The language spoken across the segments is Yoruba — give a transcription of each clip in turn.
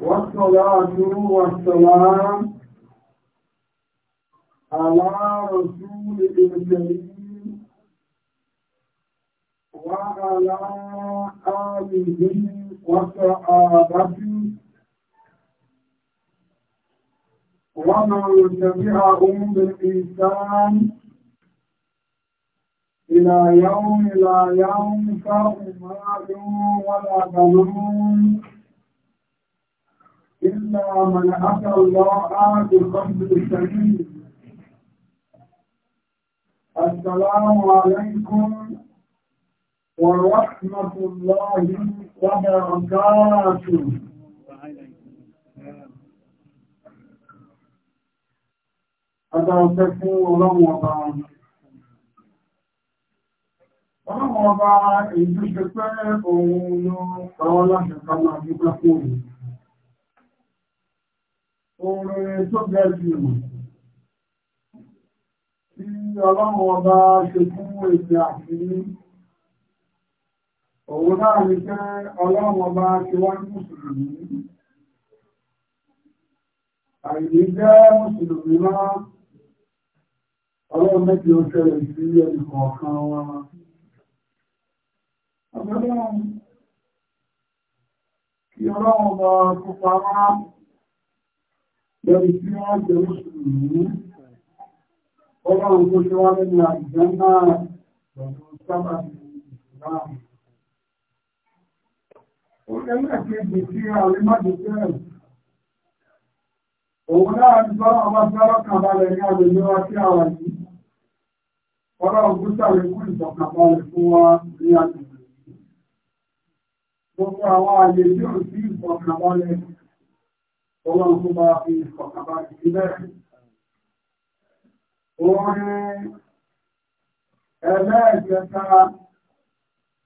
والصلاة والسلام على رسول الكريم وعلى آله وصحابته ومن تبعهم بالإنسان إلى يوم لا ينفع مال ولا بنون إلا من أتى الله بقلب سليم السلام عليكم ورحمة الله وبركاته Adáwọ̀tẹ́kú ọlọ́run ọba ọlọ́run ọba èyí tó ṣe pẹ́ òun ló pàwọ́ láti ká máa dúpẹ́ fún òun orin tó gẹ̀ẹ́sì rẹ̀ tí ọlọ́run ọba ṣe fún èdè àti òun náà ní pé ọlọ́run ọba ṣe wá ní mùsùlùmí àìní jẹ́ mùsùlùmí máa ọlọ́run mẹ́jì ó ṣẹlẹ̀ sí ẹnì kọ̀ọ̀kan wa Kí ọlọ́run ọba kópa máa lórí tí wọ́n jẹ́ mùsùlùmí ọlọ́run tó ṣe wá nínú àìjẹ́ náà lọ́dún sábàbí ìsìláàmù Orílẹ̀-èdè tí a rí máa jẹ́ bẹ́ẹ̀. Òun náà ti bá ọmọ sára kan balẹ̀ ní agbègbè wa tí a wà yìí. Ọlọ́run tó ṣàlékún ìtọ̀kà balẹ̀ fún wa ní agbègbè yìí. Gbogbo àwọn àyè ọlọ́run tó bá fi ọ̀kàbà ìpínlẹ̀ orin ẹlẹ́ẹ̀kẹta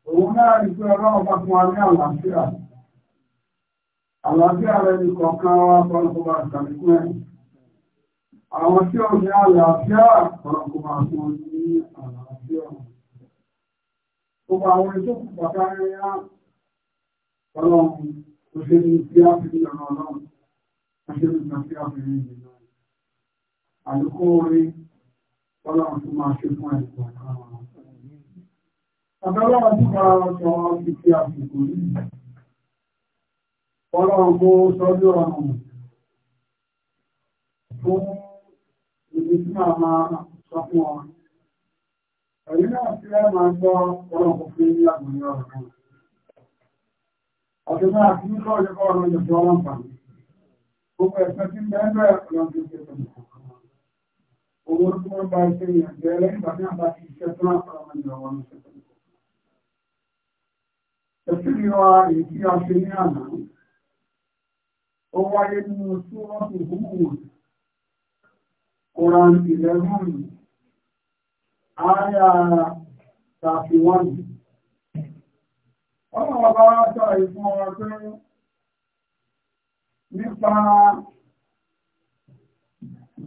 òun náà rí pé ọlọ́run bá fún wa ní àlàáfíà àlàáfíà rẹ̀ ní kọ̀ọ̀kan wá fọ́nàkó bá ṣàlékún ẹ̀ àwọn tí ó ní àlàáfíà fọ́nàkó bá fún ọ ní àlàáfíà gbogbo àwọn ètò pàtàkì rẹ̀ yá ọlọ́run kò ṣe ní ìfíà fi ọ̀nà ọlọ́run Àlùkò orin ọlọ́run tó máa ṣe fún ẹ̀sùn ọ̀kan àwọn Àbẹ́lọ́wọ́ tí máa sọ ti fi àsìkò yìí. Ọlọ́run kó sọ́jú ọrùn fún ibi tí máa máa sọ fún ọ. Ẹ̀yí náà tí ẹ máa gbọ́ ọlọ́run kò fi ní àgbòyìn ọ̀rọ̀ náà. Ọ̀tẹ́ náà ti ń gbogbo ẹ̀sán tí ń bẹ́ ń bẹ̀rẹ̀ ọlọ́dún tó tó owó tí wọ́n ni wa èyí tí a ṣe ní àná ó wáyé nínú tí wọ́n fi kúkú Quran eleven aya thirty ìfún ọ̀rọ̀ pé nípa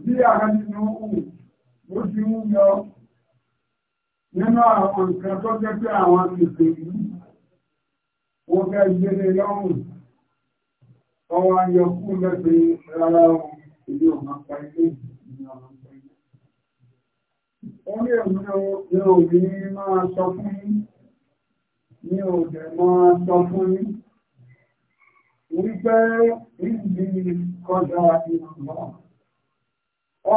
bí àgbàjìnà ohun ó ti ń yọ nínú àwọn nǹkan tó jẹ́ pé àwọn ìpè yìí wọ́n fẹ́ gbélé lọ́rùn ọwọ́ ayọkú lẹ́gbẹ̀ rárá ilé ọmọ pa ilé ìgbìyànjú ọmọ pa ilé. ó lè mú ní òbí máa sọ fún yín ní òbí máa sọ fún yín wípé ìdí kọjá ìlú náà.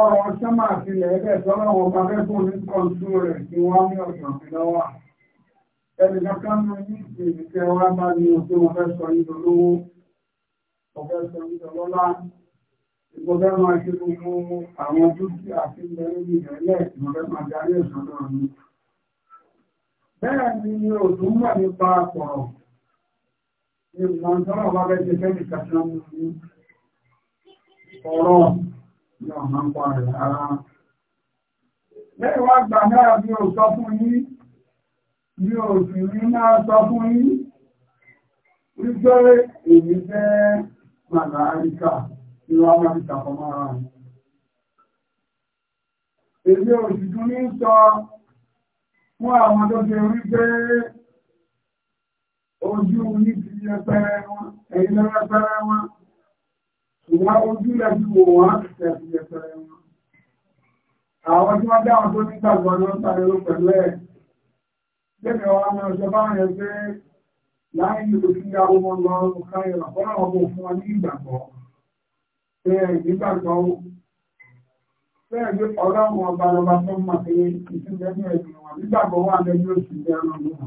Ọ̀rọ̀ sẹ́mà àti ilẹ̀ ẹgbẹ́ sọ́lọ́wọ́ pàfẹ́kùn ní kọ̀ọ̀tún rẹ̀ tí wọ́n ní ọ̀sán fi lọ́wọ́. Ẹni kankan ní ìsì ìfẹ́ wá bá ní oṣù mo fẹ́ sọ yìí lọ́wọ́, mo fẹ́ sọ yìí lọ́lá, mo fẹ́ máa ṣe gbogbo àwọn dúkìá sí ilẹ̀ níbi ìrẹ̀lẹ̀ mo fẹ́ máa darí ẹ̀sán náà ní. Bẹ́ẹ̀ ni òtún mọ̀ nípa pọ̀rọ̀ ìmọ̀ntọ́rọ̀ bá bẹ́ ti fẹ́ nìkan tí wọ́n mú ní ọ̀rọ̀ ní ọ̀nà ń pa rẹ̀ ara. Lẹ́yìn wá gbà náà bí o sọ fún yín, bí o sì rí máa sọ fún yín, wípé èyí fẹ́ màláríkà tí wọ́n máa ń tàpọ̀ mọ́ra rẹ̀. Èmi ò sì tún ní sọ fún àwọn tó ṣe wípé ojú ní lẹ́pẹ̀rẹ̀ wọn ẹ̀yìn lẹ́pẹ̀rẹ̀ wọn ṣùgbọ́n ojú lẹ́bí wò wọ́n tẹ̀sí lẹ́pẹ̀rẹ̀ wọn àwọn tí wọ́n dáwọn tó nígbàgbọ́ ló ń parí ló pẹ̀lú ẹ̀ lẹ́bẹ̀ẹ́ wọn máa sọ bá yẹn pé láì nílò kí ya ọmọ lọ káyọ̀ lọ́pọ̀lọ́ ọmọ fún wọn ní ìgbàgbọ́ pé ìgbàgbọ́ bẹ́ẹ̀ ni ọlọ́run ọba lọba tó mọ̀ pé ìtúndẹ́nu ẹ̀dùn wọn nígbàgbọ́ wà lẹ́yìn òṣìṣẹ́ ọlọ́run náà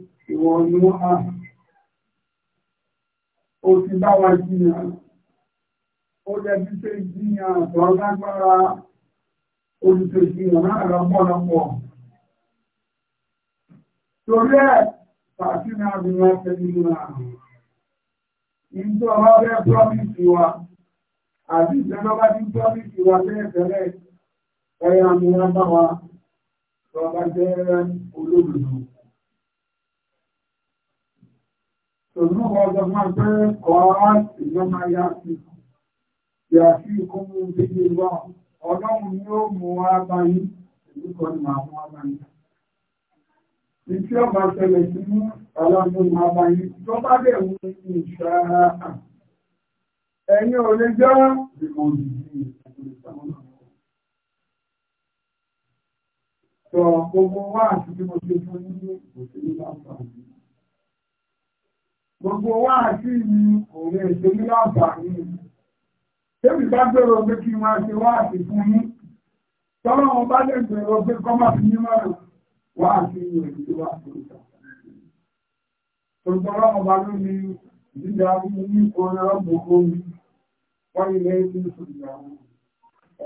ìwọ̀n ní à o ti bá wa jiyàn ó dẹ̀bí pé jiyàn tó lágbára olùtò jiyàn náà lọ́pọ̀lọpọ̀ torí ẹ̀ pàtí náà bí wọ́n fẹ́ nínú àrùn ìjọ ọba bẹ́ẹ̀ promise wa àti ìjọba bí promise wa bẹ́ẹ̀ tẹ́lẹ̀ ẹ̀yà mìíràn bá wa lọ́ba jẹ́ olódodo. Tòlú ọjọ́ máa pẹ́ kọ́ ìjọba ya sí. Yà sí kún bíbí lọ. Ọlọ́run ni ó mú wá báyìí. Èyí kọ́ ni màá mú wá báyìí. Ìtí ọba ṣẹlẹ̀ sí mú ọlọ́run máa báyìí. Tó bá dẹ̀ mú ìṣẹ́ ẹ̀yìn ò lè jọ́ ìmọ̀ òjìjì Sọ gbogbo wá àti bí mo ṣe fún yín ní òṣèlú láǹfààní. Gbogbo wá sí ni òun èdè ní láǹfààní. Tébì bá gbèrò pé kí wọ́n ṣe wá sí fún yín. Tọ́lọ́ wọn bá lè gbèrò pé kọ́ máa fi yín mọ́rùn wá sí ní òṣìṣẹ́ wá sí ìta. Tòótọ́ ọlọ́run bá ló ní dídá ní orin ọgbọ̀n omi. Wọ́n ilé ní ìṣòyàwó.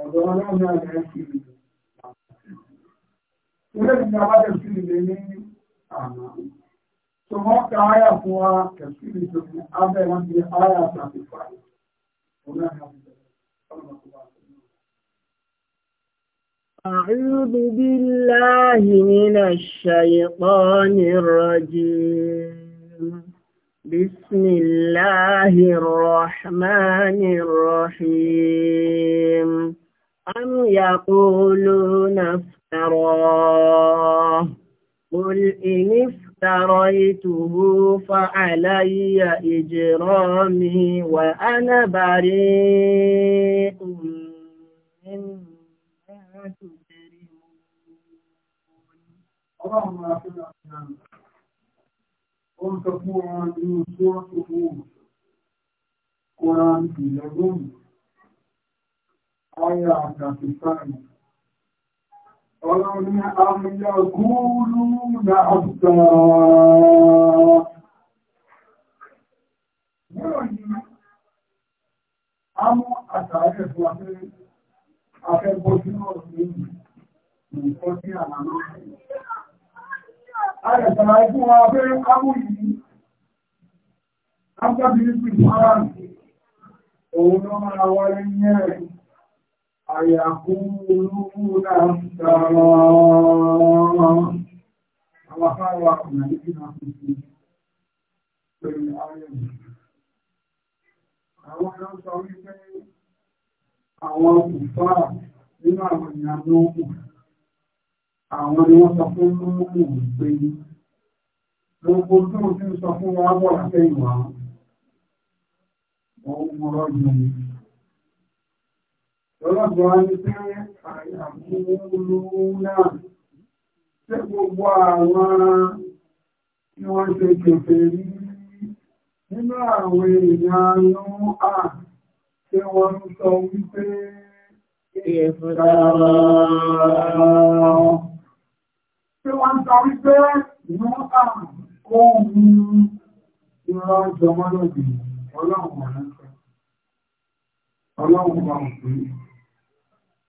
Ọ̀dọ́ ọlọ́run náà lẹ́ sí i. Ilé ìjọba lè fi ìlé ní àná. So wọ́n ka áyà fún wa kẹ̀sí ní ìṣòro abẹ́ wọn ti áyà tàbí أعوذ بالله من الشيطان الرجيم بسم الله الرحمن الرحيم أم يقولون افتراه قل إن افتريته فعلي إجرامي وأنا بريء مما تجرمون قم تكون من سورة هود قرآن في يوم آية 35 ọlọ́run am yaquluna iftara Wọ́n ni a mú àtàrí ẹ̀fún afẹ́gbọ́ sí ọ̀rọ̀ méjì nǹkan sí àmàmà. A rẹ̀ sàrà ikú wa pé a mú yìí, a ń gbábi ní pìtàrà òun lọ́mọ́ra wọlé ní ẹ̀rẹ̀. أيقولون افترى الله خالق ملكنا في الآية àwọn ọ̀nà sọ wípé àwọn òfà nínú àwọn èèyàn lóòmù àwọn ni wọ́n sọ fún lóòmù pé gbogbo tó ń sọ fún wa bọ̀ látẹ̀yìnwá wọ́n mọ́rọ̀ jù Ọlọ́dọ̀ á ní pé àyàmúlú náà ṣé gbogbo àwọn tí wọ́n ṣe kèfè rí nínú àwọn èèyàn ló à ṣé wọ́n sọ wípé Ṣé wọ́n sọ wípé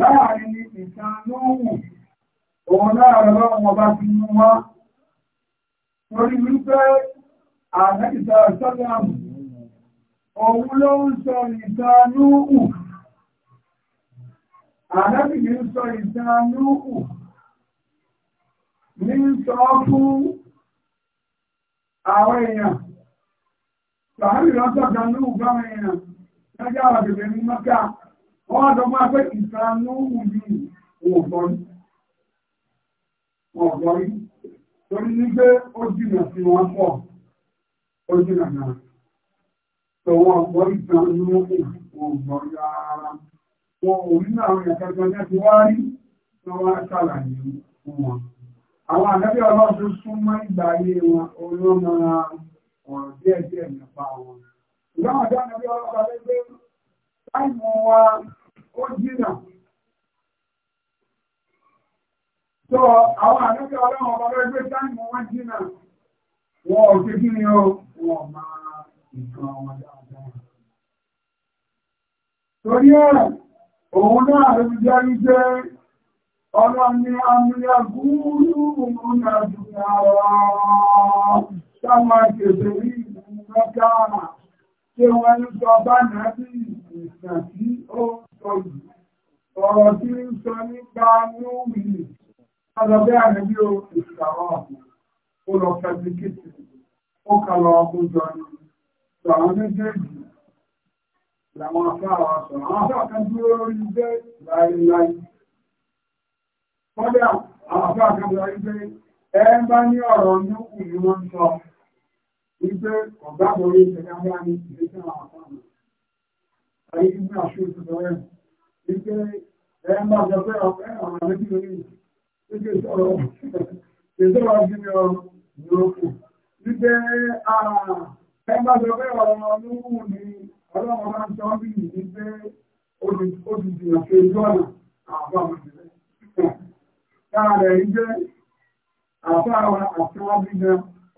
láàrin ìtàn lóhùn òun láàrin ọlọ́run ọba ti mú wá torí wípé àmẹ́ta sọ́lọ́mù òun ló ń sọ ìtàn lóhùn àmẹ́bìnrin ń sọ ìtàn lóhùn ní sọ fún àwọn èèyàn tàbí lọ́sọ̀kan lóhùn báwọn èèyàn lọ́jọ́ àwọn Wọ́n á dọ́gbọ́n pé ìsànú wùdí Torí ní ó jìnà sí wọn pọ̀, ó jìnà náà. Tọ̀wọ́ ọ̀gbọ́n ìsànú ògbọ́n rárá. Wọn ò rí àwọn ìyàkẹ́kọ̀ọ́ ní ti wá rí tí ṣàlàyé wọn. Àwọn súnmọ́ ìgbà ayé wọn, ọ̀rọ̀ nípa wọn. Ìgbà ó jìnà tó àwọn àdúgbò ọlọ́run ọba lọ́gbẹ́ táìmù wọ́n jìnà wọ́n ò ṣe kí ni ó wọ́n máa nǹkan wọn dáadáa torí ẹ̀rọ òun náà ló fi jẹ́ rí ọlọ́run ni amúlẹ̀ gúúrú òun àdúgbò àwọn ṣé wọ́n ń sọ bá nàbí ìsìn tí ó ń sọ yìí ọ̀rọ̀ tí ń sọ nípa lórí ọlọ́bẹ́ àrẹ́bí ó ìṣàrọ̀ ọ̀pọ̀ ó lọ fẹ́bíkìtì ó kà lọ ọkùnjọ ni ṣàwọn méjèèjì làwọn afáwà sọ̀rọ̀ àwọn afáwà kan dúró lórí ilé láéláé kọ́dà àwọn afáwà kan dúró bá ní ọ̀rọ̀ ní òkú ni sọ wípé ọ̀gá àbọ̀rí ìṣẹ̀lẹ̀ abá ní ìgbésẹ̀ àwọn àpáàmù. Ayé tí wọ́n aṣọ ìṣẹ̀lẹ̀ rẹ̀ wípé ẹ máa jọ pé ọ̀pẹ́ àwọn àlejò lórí wípé sọ̀rọ̀ ètò wa bí ọ yòókù. Wípé ẹ máa jọ pé ọ̀rọ̀ ọlọ́wù ni ọlọ́wọ́ máa ń sọ bí ìdí pé ó ti dìyà ṣe ojú ọ̀nà àbáwọn ìṣẹ̀lẹ̀. Táà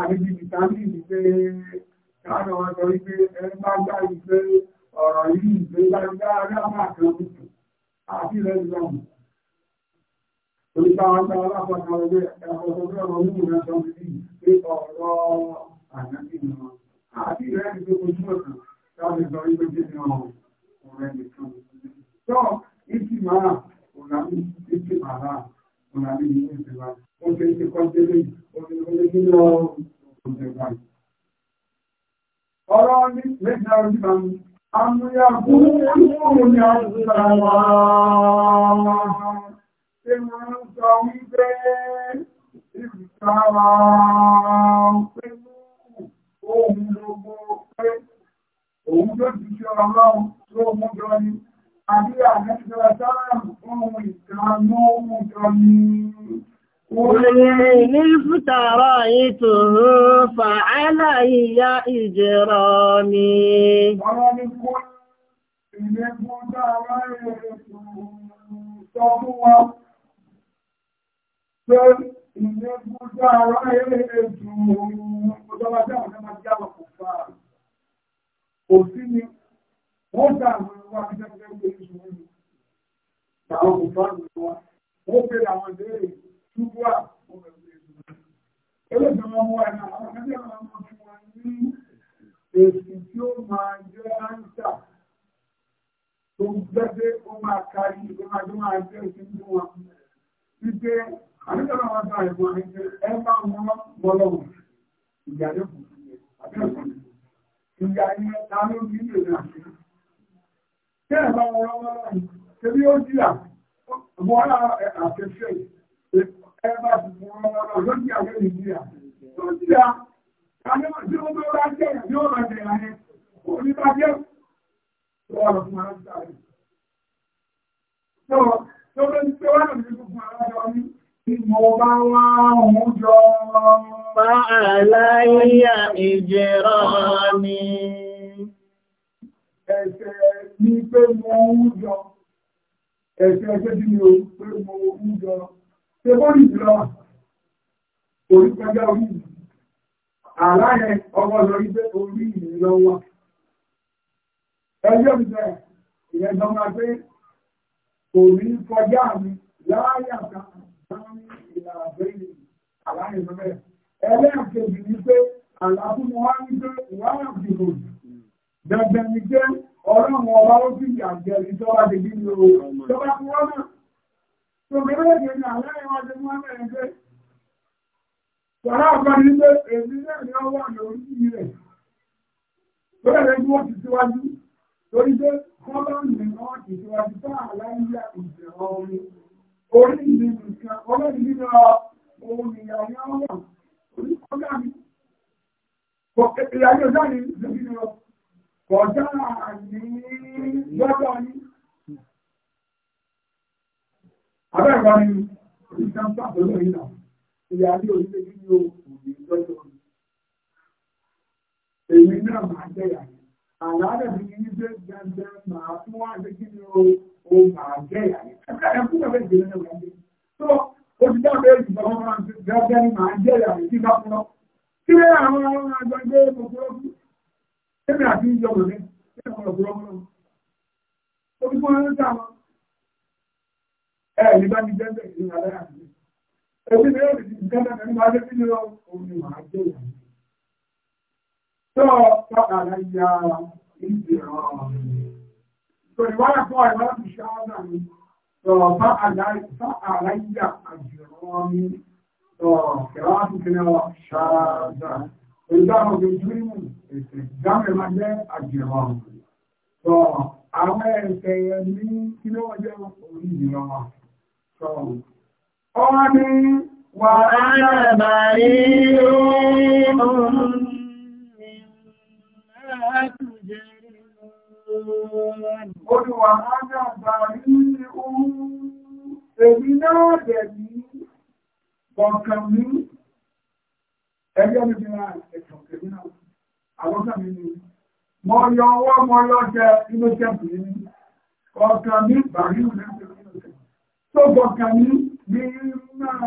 àríbí ìtàbí ìgbé káàkiri wọn sọ wípé ẹgbà gbà ìgbé ọ̀rọ̀ yìí ìgbé gbàgbà rámà kan tuntun àti ilẹ̀ ìlọ́mù oníkàwọn gba aláfọ̀nà ọgbẹ́ ẹ̀kọ́sọ́gbẹ́ ọ̀rọ̀ mú ìrìn àjọ mi pé ọ̀rọ̀ àjẹ́bí wọn àti ilẹ̀ ìgbé ojú ọ̀kan láti sọ wípé jẹ́ ní ọ̀rọ̀ ọ̀nà àbí ní ìjọba ó ṣe ṣe kọ́ńtẹ́lẹ̀ òṣèlú nílò ìjọba. ọ̀rọ̀ ní méjì ọ̀rọ̀ nípa mi àmúyàgbó olúkúrò ní àwùjọ wa ṣé wọ́n ń sọ wípé ìfìsára pẹ̀lú ohun gbogbo pé òun tó ti ṣe ọlọ́run tó mú jọ ni àbí àjẹ́jọ́ra sáàmù ohun ìkànnú ohun ìkànnú. Òrìnrìn ní fútàrà ètò fàálà ìyá ìjẹrọ ni. Ọ̀rọ̀ ni kó ìlẹ́gbọ́n dára ètò sọ fún wa. Pé ìlẹ́gbọ́n dára ètò ọjọ́ wọ́n gbà àwọn ẹwà akẹ́kẹ́ pé ìṣòro ni àwọn kò fà ní wa wọ́n pè àwọn ìbéèrè túbú à wọ́n bẹ̀rẹ̀ pé ìṣòro ni eléyìí wọn mú ẹ̀ náà àwọn akẹ́kẹ́ àwọn ọmọ fún wa ní èsì tí ó máa jẹ́ áńsà tó ń gbẹ́gbẹ́ ó máa kárí ó máa jẹ́ máa jẹ́ ìṣẹ́ fún wa wípé àdúgbò kí ẹ̀ bá wọn lọ́wọ́ láàyè kébí ó jìyà wọ́n á àfẹ́fẹ́ ẹ bá fún wọn lọ́wọ́ náà ló jìyà wọ́n lè jìyà tó jìyà kàdébà tí ó bá jẹ́ ẹ̀ yóò máa jẹ̀yà ni kò ní bá jẹ́ tó wà lọ fún ara ń sáré. tó tó ẹ̀ṣẹ̀ ni pé mo ń yọ ẹ̀ṣẹ̀ ẹgbẹ́ tí mi ò pé mo ń yọ ṣe bóyì lọ orí pẹ́jọ́ orí mi àláyẹ ọmọ lọ rí pé orí mi lọ́wọ́ ẹjọ́ mi bẹ́ẹ̀ ìyẹn tó máa pé kò ní kọjá mi láyà kan láàrin ìlànà bẹ́ẹ̀ àláyẹ lọ́wọ́ ẹlẹ́ẹ̀kejì ni pé àlàfún wọn wá ní pé ìwádìí kò jù Gbẹ̀gbẹ̀ ni jẹ́ ọlọ́run ọba ó sì yàgbẹ̀ ìjọba ti bí ní oó. Jọba fún wọn náà. Tó bẹ̀rẹ̀ èdè ní àlẹ́yìn wájú mú wọn mẹ́rin pé. Sọ̀rọ̀ àpárí ní pé èmi náà ni ó wà ní orí rẹ̀. Bẹ́ẹ̀ rẹ̀ ni wọ́n ti síwájú. Torí pé kọ́lọ́ọ̀nù ni wọ́n ti síwájú tó àlàyé ìjẹ̀ ọ̀run. Orí ìlú nìkan, ọlọ́run nínú ohun ìyàwó wọn. Orí kọ́lọ́ọ̀nù. Ìyàwó kọjá ní lọ́jọ́ ní abẹ́ẹ̀kọ́ ni ìjọba pẹ̀lú ìlà ìyá ní orílẹ̀ ní òkùnrin lọ́jọ́ ní èyí náà máa jẹ́yà ní àlàáfẹ́ bí i ṣe jẹ́ máa fún wá kí ni o máa jẹ́yà ní ẹgbẹ́ ẹ̀kú ẹ̀fẹ́ ìgbẹ́ náà wọ́n dé tó o ti dábẹ́ ìjọba máa jẹ́ ní máa jẹ́yà ní kí bá fún ọ kí lè àwọn àjọ ìgbé kòkòrò fún Tẹ́mi fi fún ẹni tí a mọ̀. Ẹ ní ya ya ìdáhùn ojúmù ètò ìdáhùn máa jẹ́ àjẹwà ọ̀hún. sọ àwọn ẹ̀sẹ̀ yẹn ní kí ló wọ́n jẹ́ orí ìdìrọ̀ wa. sọ ọ ní wà á yàrá rí ọ̀hún mi náà tún jẹ́ Olúwa ágbàgbà ní ohun ẹgbẹ́ mi fi hàn ẹ̀sùn kèmí náà àwọn ni mo yọ ọwọ́ mo yọ jẹ inú jẹ́bù yìí ọ̀kan ní bàrí ìlú tó bọ̀kan ní ní máa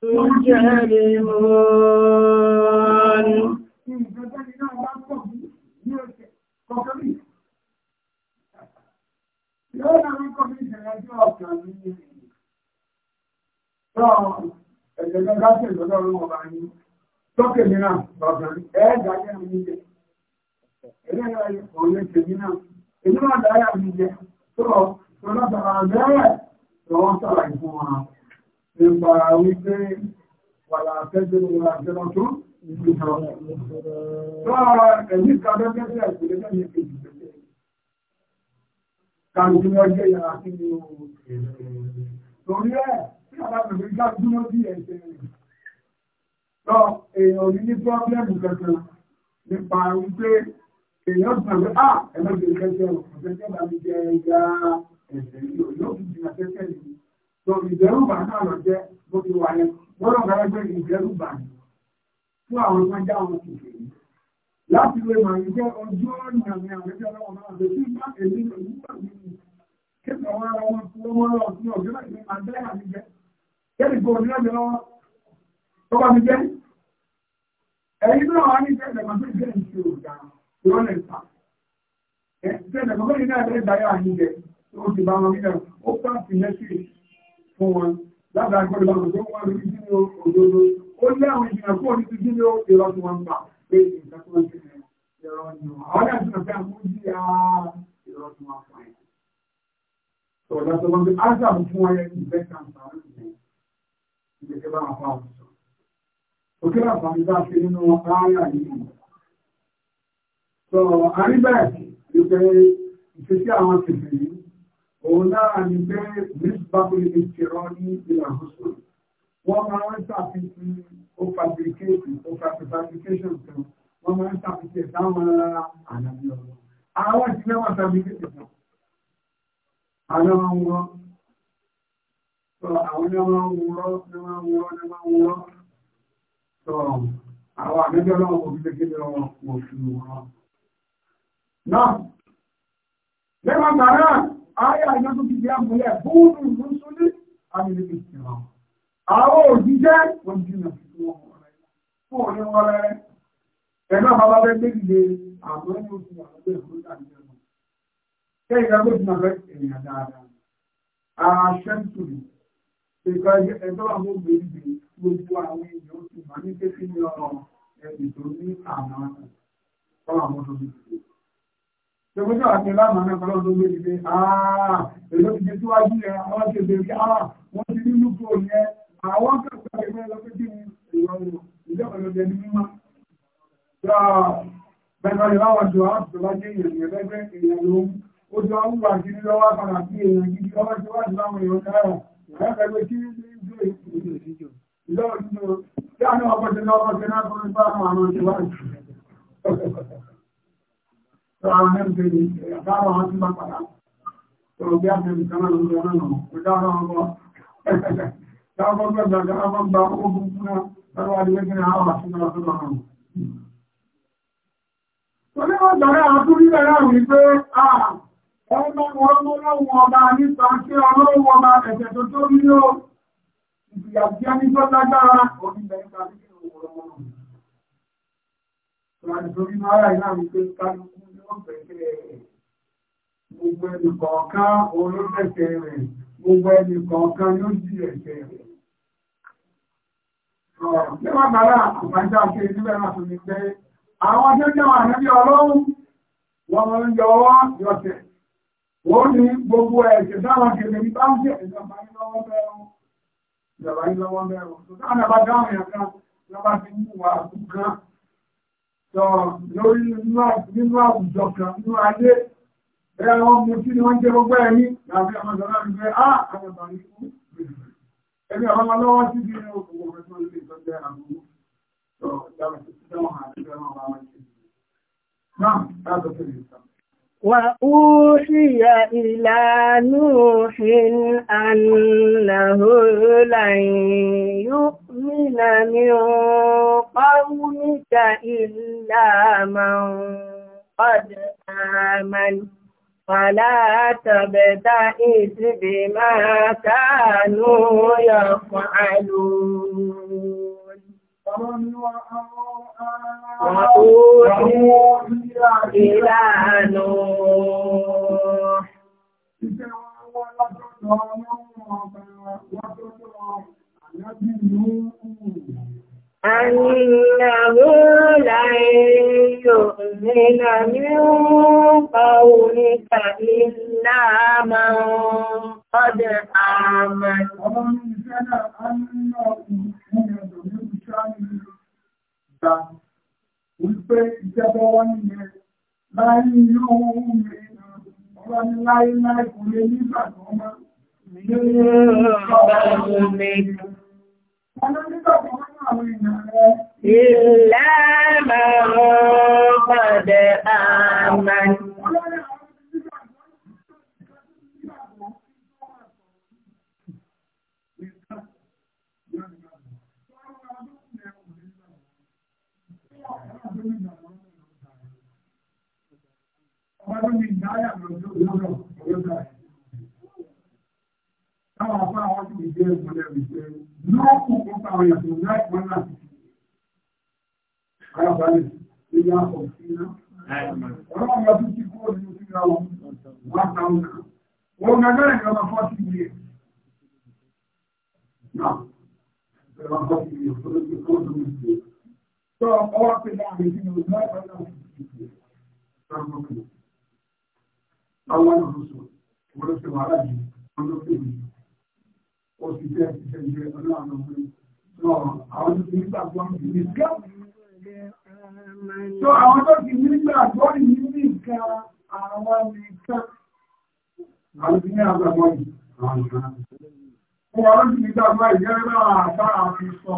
tó jẹ́ ní mọ́ọ̀lù. Ìjọba ni náà wá pọ̀ ní ọ̀sẹ̀ kọ̀ọ̀kan ní. Yóò náà wọ́n kọ́ ní ìṣẹ̀lẹ̀ ọjọ́ ọ̀kan ní. Ẹ̀jẹ̀ lọ́dá sí ìlọ́dọ̀ ọlọ́wọ́ bá yín. Tọ́kẹ̀ mi náà, bàbá ẹ̀ẹ́dà yẹ́ mi jẹ. Ẹ̀ẹ́dà yẹ́ ọ̀lẹ́ tèmi náà. Èmi náà dáyà mi jẹ. Tọ́lọ̀ tọ́lá tàrà bẹ́ẹ̀ lọ́wọ́ sára ìfún wa. Nípa wípé wàlà àtẹ́jẹ́ wàlà àtẹ́jẹ́ tó ń fi hàn. Tọ́lá ẹ̀mí kan bẹ́ẹ̀ bẹ́ẹ̀ kò lè bẹ́ẹ̀ ní kejì Kàrùkú wọn jẹ́ yàrá sí ni ó. Torí ẹ̀, tí àbábẹ̀rẹ̀ gbájúmọ́ sí ẹ̀ṣẹ̀ rẹ̀ tó èèyàn ní ní pọ́blẹ́mù kankan nípa wípé èèyàn sàn pé à ah, ẹlẹ́gbẹ̀ẹ́ kẹsẹ̀ ọ̀sẹ̀kẹ́ bá mi jẹ ẹja ẹ̀sẹ̀ yìí yóò fi jìnà kẹsẹ̀ yìí tó ìdẹ́rù bá náà lọ jẹ́ bó ti wà yẹn gbọ́dọ̀ gbọ́dọ̀ pé ìdẹ́rù bá ní fún àwọn tó ń já wọn kìkì yìí láti lè mọ̀ ìjọ ojú ọ̀nà mi àwọn ẹgbẹ́ ọlọ́wọ́ náà lè fi bá èmi lè ní pàdé mi kí ọ̀wọ́ ara wọn fún ọmọ ọlọ́wọ́ sí ọ̀gbẹ́ láti máa bẹ́ẹ̀ àmì jẹ́ kẹ́lì kò ní tó bá mi jẹ́ ẹ̀yìn náà wá ní tẹ́lẹ̀ mọ́ tó jẹ́ ìṣe òjà ìrọ́lẹ̀ ìta tẹ́lẹ̀ mọ́ bẹ́ẹ̀ náà lẹ́gbàá yà ní jẹ tó ti bá wọn nílẹ̀ ó pa sí mẹ́sì fún wọn lábàá gbọ́dọ̀ bá wọn tó wọ́n lórí sí ní òdodo ó lé àwọn ìjìnlẹ̀ fún òní ti dín ní ìrọ́ tí wọ́n ń gbà pé ìjìnlẹ̀ fún òní ti dín ní ìrọ́ ni wọn àwọn náà ti nà fẹ́ àwọn ojú ya ìrọ́ tí wọ́n fà yẹn. sọ̀rọ̀ lásán wọn pé áṣà fún wọn yẹn ìbẹ́ kàǹtà ó ti òkè àbáyé bá fi nínú ààrẹ yìí sọ àríbẹ̀ wípé ìfẹ́sí àwọn tẹ̀sẹ̀ yìí òun náà ní pé nígbàgbọ́lẹ̀ ìṣẹ̀rọ ní ìlànà sọ̀rọ̀ wọ́n máa ń ṣàfihàn ó fabricate ó fabrication kan wọ́n máa ń ṣàfihàn táwọn ará àlàyé ọ̀rọ̀ àwọn ti fẹ́ wọ́n fabricate kan àwọn ọmọ wọn sọ àwọn ní wọ́n wúrọ́ ní wọ́n wúrọ́ ní wọ́n wúrọ́ àwọn àmẹ́jọ́ náà wọ́n fi lékèlé wọn wọ́n fi wọn. Náà, lẹ́gbà gbàrá, ayé àjọ tó ti di àmúlẹ̀ búrú lóṣúlé àmìlẹ́gbẹ̀ ti wọn. Àwọn òjíjẹ́ wọ́n jìnà sí wọn wọ́n wọ́n rẹ̀. Ẹ̀nà bàbá bẹ́ gbégbé àwọn ẹni oṣù àwọn ẹgbẹ́ ìfúrúkà àjẹ́ wọn. Ṣé ìgbàgbọ́ ìjìnà rẹ̀ èèyàn dáadáa? gbogbo àwọn èèyàn ó ti wà ní kékeré ní ọ̀rọ̀ ẹ̀sìn tó ní àná ọ̀rọ̀ àwọn tó ti dìde. Gbogbo tí wà ní lánàá náà kọ́lọ́ tó gbé dìde, àà èló ti dé síwájú yẹn, àwọn ti dé bí àà wọ́n ti rí lúkú yẹn, àwọn kẹ̀kọ́ ẹgbẹ́ lọ pé kí ni ìrọ̀rùn ìjọba ló jẹ ní mímọ́. Bẹ́ẹ̀ni ọ̀rẹ́ láwọn jọ àtúntò bá jẹ́ èèyàn yẹn lẹ́gbẹ́ èèyàn ló ń ó jọ ń wà sí lọ́wọ́ padà sí èèyàn gidi ọwọ́ ti wá sí láwọn èèyàn dára. Ìyá lọ́dún dáná ọpọ̀tẹ̀lá ọpọ̀tẹ̀lá ọpọ̀tẹ̀lá bá àwọn àwọn ti wáyé tó àwọn ẹgbẹ̀rẹ̀ àbáwọn àwọn ti bá padà tó bí a fẹ́ ìtàmà lórí ọ̀nà náà kò dáná ọgbọ́ dáwọn gbẹ̀gbẹ̀ dáwọn gba ogun fún náà lọ́wọ́ adìgbẹ́gbẹ̀rẹ̀ àwọn àṣíkà lọ́sọ́ lọ́nà tó ní wọ́n gbẹ̀rẹ̀ àtúrí bẹ̀rẹ̀ wípé ọmọ wọn mọ́ lọ́wọ́ ọba nípa ìgbìyànjẹ́ ní tó lágbára orílẹ̀ nípa ní ìwòrán wọn. Ìrànìtorí máa rà iná mi pé kálukú yóò bẹ̀rẹ̀ gbogbo ẹnì kọ̀ọ̀kan olóbẹ̀tẹ̀ rẹ̀, gbogbo ẹnì kọ̀ọ̀kan yóò di ẹ̀tẹ̀ rẹ̀. Níwọ̀n bàrà àbájá ṣe níbẹ̀ náà tún ní pé àwọn tó jẹ́ wà níbi ọlọ́run wọn mọ̀ ń yọ ọwọ́ yọ̀tẹ̀. Wọ́n ní gbogbo ẹ̀ṣẹ̀ táwọn kèlè ní bá ń jẹ́ ìjọba ní lọ́wọ́ bẹ́ẹ̀ ìjọba yìí lọ́wọ́ mẹ́rọ ṣùgbọ́n àbá dáhùn yẹn kan lọ́ba ti mú wa gan sọ lórí nínú àwùjọ kan nínú ayé bẹ́ẹ̀ wọ́n mú kí ni wọ́n jẹ́ gbogbo ẹ̀mí láti ọmọ ìjọba mi pé á àwọn ìbá mi kú ẹni ọmọ lọ́wọ́ sí bí inú òkòwò rẹ̀ tó ń lè tọ́ jẹ́ àbúrú sọ ìjọba ti dáhùn àti ìjọba wa wọ́n ti. Náà, láti ọ̀sẹ̀ yìí وأوحي إلى نوح أنه لن يؤمن من قومك إلا من قد آمن فلا تبتئس بما كانوا يفعلون Ìlànà Àìyàwó láìyò nínà ní ọ̀pàá oníkà ìlà máa ń ọdẹ àmà. Ọmọ ìṣẹ́lẹ̀ àìyàwó bá ní ìgbà wípé ìjẹ́bọ́ wọ́n ní yẹn láyé inú ohun mi ọ̀rọ̀ ní láyé láì kò lè nígbà tó mọ́. Ìjọba ìlú mi. Ọ̀nà nígbà tó mọ́ àwọn èèyàn rẹ̀. ìjàgbá ìyẹ́rẹ́lá àtàrà fi sọ.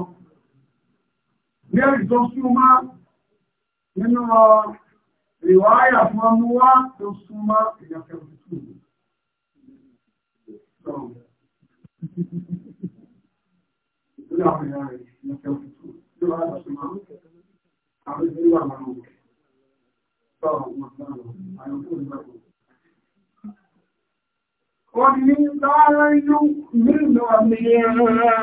Ní ẹ̀rì tó súnmá nínú ìwáyà tí wọ́n mú wá tó súnmá ìyàfẹ́ òtútù. Àwọn ìgbéwà máa ń wọ̀. Sọ́rọ̀ wọn náà, àyọ̀kú ìgbàgbọ́. لا يؤمن قومك إلا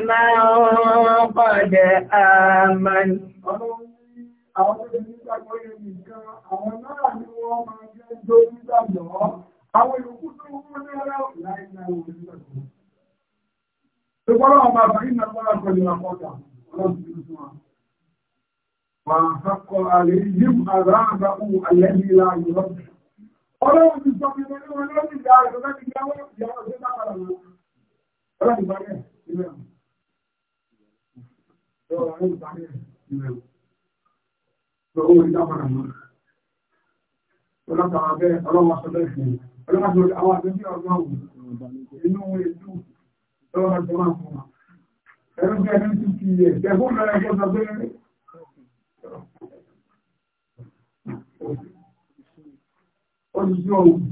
من قد آمن Àwọn ìlúkú tó wọ́n ní ọlá láìsí àwọn olùgbàgbọ́. Ìgbọ́nà ọmọ àbáyé náà wọ́n lápọ̀ ìlú àpọ́ta, ọlọ́pù ìlú fún wa. Wà á kọ́ àlè yìí àrá àbáhùn àlẹ́ ìlà ìrọ́pù. Ọlọ́run ti sọ fún ẹni wọn lọ́sì ìyá rẹ̀ lọ́sì ìyá wọn ìyá wọn ṣe bá padà wọn. Ọlọ́run ìgbà rẹ̀ ìrẹ̀ wọn. Ọlọ́run ìgbà rẹ̀ ìrẹ̀ wọn. Ọlọ́run ìgbà padà wọn. Ọlọ́run àwọn abẹ́ ọlọ́run aṣọ bẹ́ẹ̀ fún un. Ọlọ́run àti àwọn àbẹ́bí ọlọ́run inú ètò ọlọ́run àti wọn fún wa. Ẹnu bí ẹni tí kì í yẹ, ẹ̀fọ́ mẹ́rin ẹ̀fọ́ sọ pé olùsí ohun.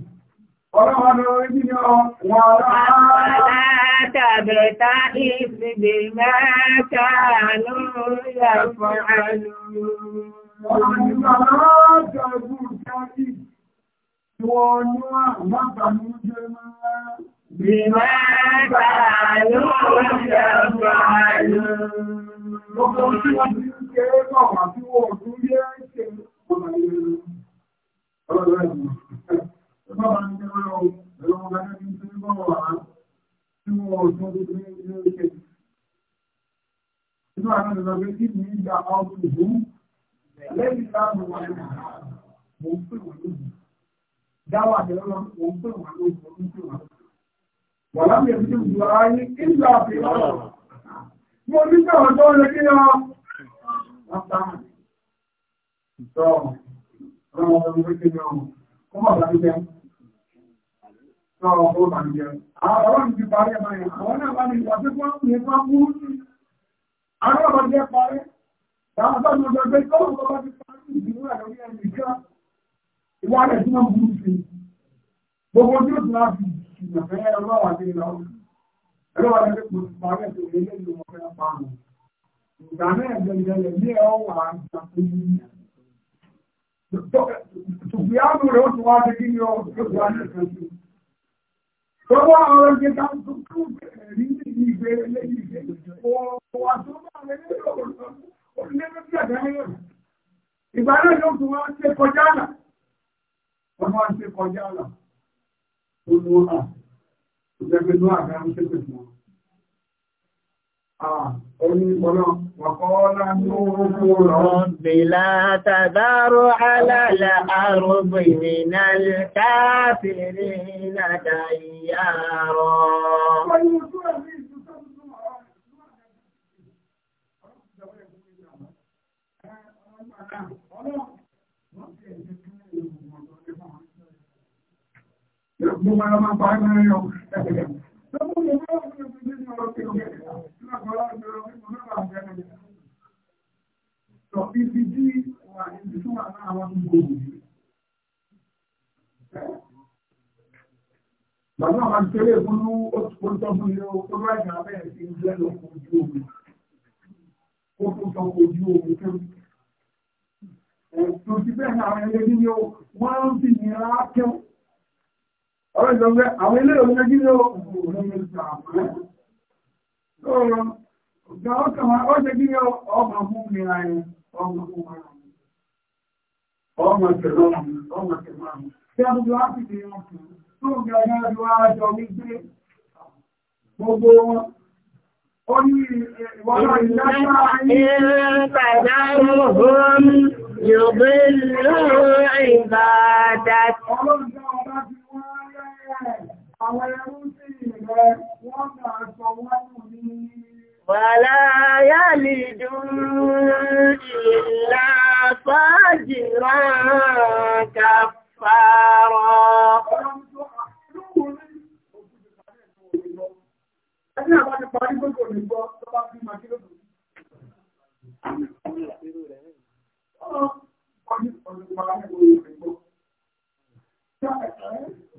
Ọlọ́wọ́n ló rí ní wọn látàbẹ̀ta ìfìdè mẹ́ta lóyà fún àlú. Bìmọ́ta ló yẹ fàálù. Gbogbo tí wọ́n ti ń kéré náà àti wọ́n tún yẹ́ ṣe ọmọ ìrìn. Ọlọ́rọ̀ ẹ̀mọ̀ bàbá ń jẹ́ wọ́n ẹ̀rọ ọmọ ẹ̀rọ ní tí wọ́n wà á tí wọ́n ọ̀tún tó ní ilé ìṣẹ́. Inú àwọn ìlọ́gbé tí ní ìgbà ọdún ìlú lẹ́yìn láàrùn wọn mò ń pè wọ́n lóògùn. Dáwà àjẹ́rọ́ lọ mò ń pè wọ́n lóògùn mò ń pè wọ́n. Wà lábẹ́ ẹ̀mí tí mo rà ní ìlà àfi ọ̀rọ̀. Mo ní kí ọ̀rọ̀ tó yẹ kí ọ. Wọ́n bá mi. Ìtọ́ ọ̀rọ̀ ọmọ ọmọ ọmọ Àwọn ọ̀rọ̀ ti parí ẹ̀mọ̀ ẹ̀, àwọn náà bá ní ìwàjẹ́ fún àwọn ìwà múrú Gbogbo tí ó ti ìsìnà fẹ́ ọlọ́wà ní ìlà ọ̀rọ̀. kò ti parí ẹ̀sẹ̀ ilé ìlú wọn fẹ́ pa Ìgbà náà gẹ̀lẹ̀gẹ̀lẹ̀ ní ẹ̀ ọ́ wà á Tòkìyánú rẹ̀ Gbogbo àwọn ìgbẹ̀ta tuntun rí ní ìgbẹ̀ lẹ́yìn ìgbẹ̀ ọ̀pọ̀ àtúnmọ̀ rẹ̀ tún wá ṣe kọjá àlà. Wọ́n máa ṣe kọjá àlà. Olúwa, ìjẹ́gbẹ̀lú àgbà ń ṣe pẹ̀lú wọn. رب لا تذر على الأرض من الكافرين ديارا Gbogbo ara máa bá ẹgbẹ̀rẹ̀ yọ. Ẹgbẹ̀rẹ̀. Lọ́pọ̀ ìwọ́n ọ̀pọ̀ ìwọ́n ọ̀pọ̀ ìwọ́n ọ̀pọ̀ Sọ ibi tí wà ibi tó wà náà wọ́n tó gbogbo. Bàbá àwọn akẹ́lẹ̀ fún ní oṣù fún ilé ọkọ̀ láìka abẹ́rẹ̀ sí ilé ọkọ̀ ojú omi. Ó tún sọ ojú omi tó. Ẹ̀sùn ti bẹ́ẹ̀ náà àwọn ẹlẹ́gbẹ́ ni wọ́n ń fi ní rákẹ́. Ọ̀rọ̀ ìjọba àwọn ilé ìwé ẹgbẹ́ ni ọ̀gá ọkàn wa ó ṣe gbogbo wọn Ó ní ìwọ́n ìdájọ́ ayé. Ìrìnkàdá ìhòòhùn yóò gbé lóòrùn rẹ̀ wọ́n máa sọ wọ́n nù ní. Wàlá yálì dùn ìlà fàájìrá kàfàrọ̀. Ẹni àwọn ti parí gbogbo nìgbọ́ tó bá fi máa kí lóògùn. Ọ̀rọ̀ ọdún ọdún parí gbogbo nìgbọ́.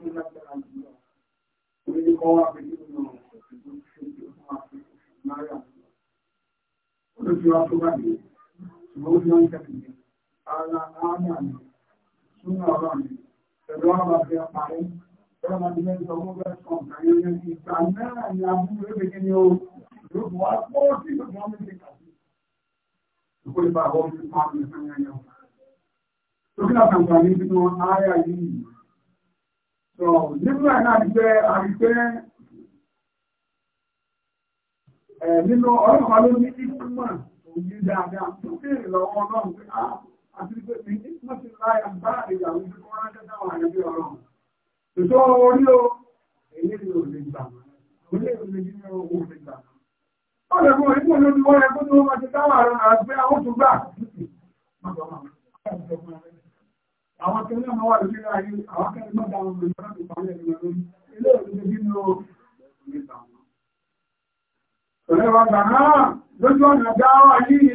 ní lágbára jùlọ orí kọ́ wà pé nínú ọ̀sẹ̀ tó ń ṣe tó fún àfikún náírà jùlọ olóṣù wa tó bàjẹ́ ṣùgbọ́n ó ní wọ́n ń tẹ̀lé ara ámà ni súnmọ́ ọ̀rọ̀ mi pẹ̀lú àwọn àti àpárí pẹ̀lú àwọn àti mẹ́ta ọmọ bẹ́ẹ̀ sọ ọ̀gá yẹn ní ìgbà náà ni abúlé ló fi ní o yóò wá pọ́ sí ìgbà wọn ti kà sí. Ìkó ìbá àwọn ọmọ mi pa mi fún yẹn yẹn. Tókìlá kàǹfà ní bí wọn áyà yìí nínú ẹ̀ náà jẹ́ àrígbẹ́ nínú ọlọ́pàá ló ní ìtumọ̀ òye dáadáa tó béèrè lọ́wọ́ ọlọ́run pé a ah, àti pé ní wọ́n ti láyà bá ìyàwó tó kọ́ ránṣẹ́ sáwọn orí o èyí ni ò lè gbà lè gbà ó lè wọ́n yẹ kó wọ́n ti dáwà rẹ̀ àgbẹ̀ àwọn àwọn akẹ́lẹ́ ọmọ wà lórí ayé àwọn akẹ́lẹ́ mọ́ta àwọn ọmọ ìjọba tó parí ẹ̀rọ lórí ilé òṣèlú bí nínú ìgbà wọn. Ọ̀rẹ́ wa gbà náà lójú ọ̀nà dáwà yìí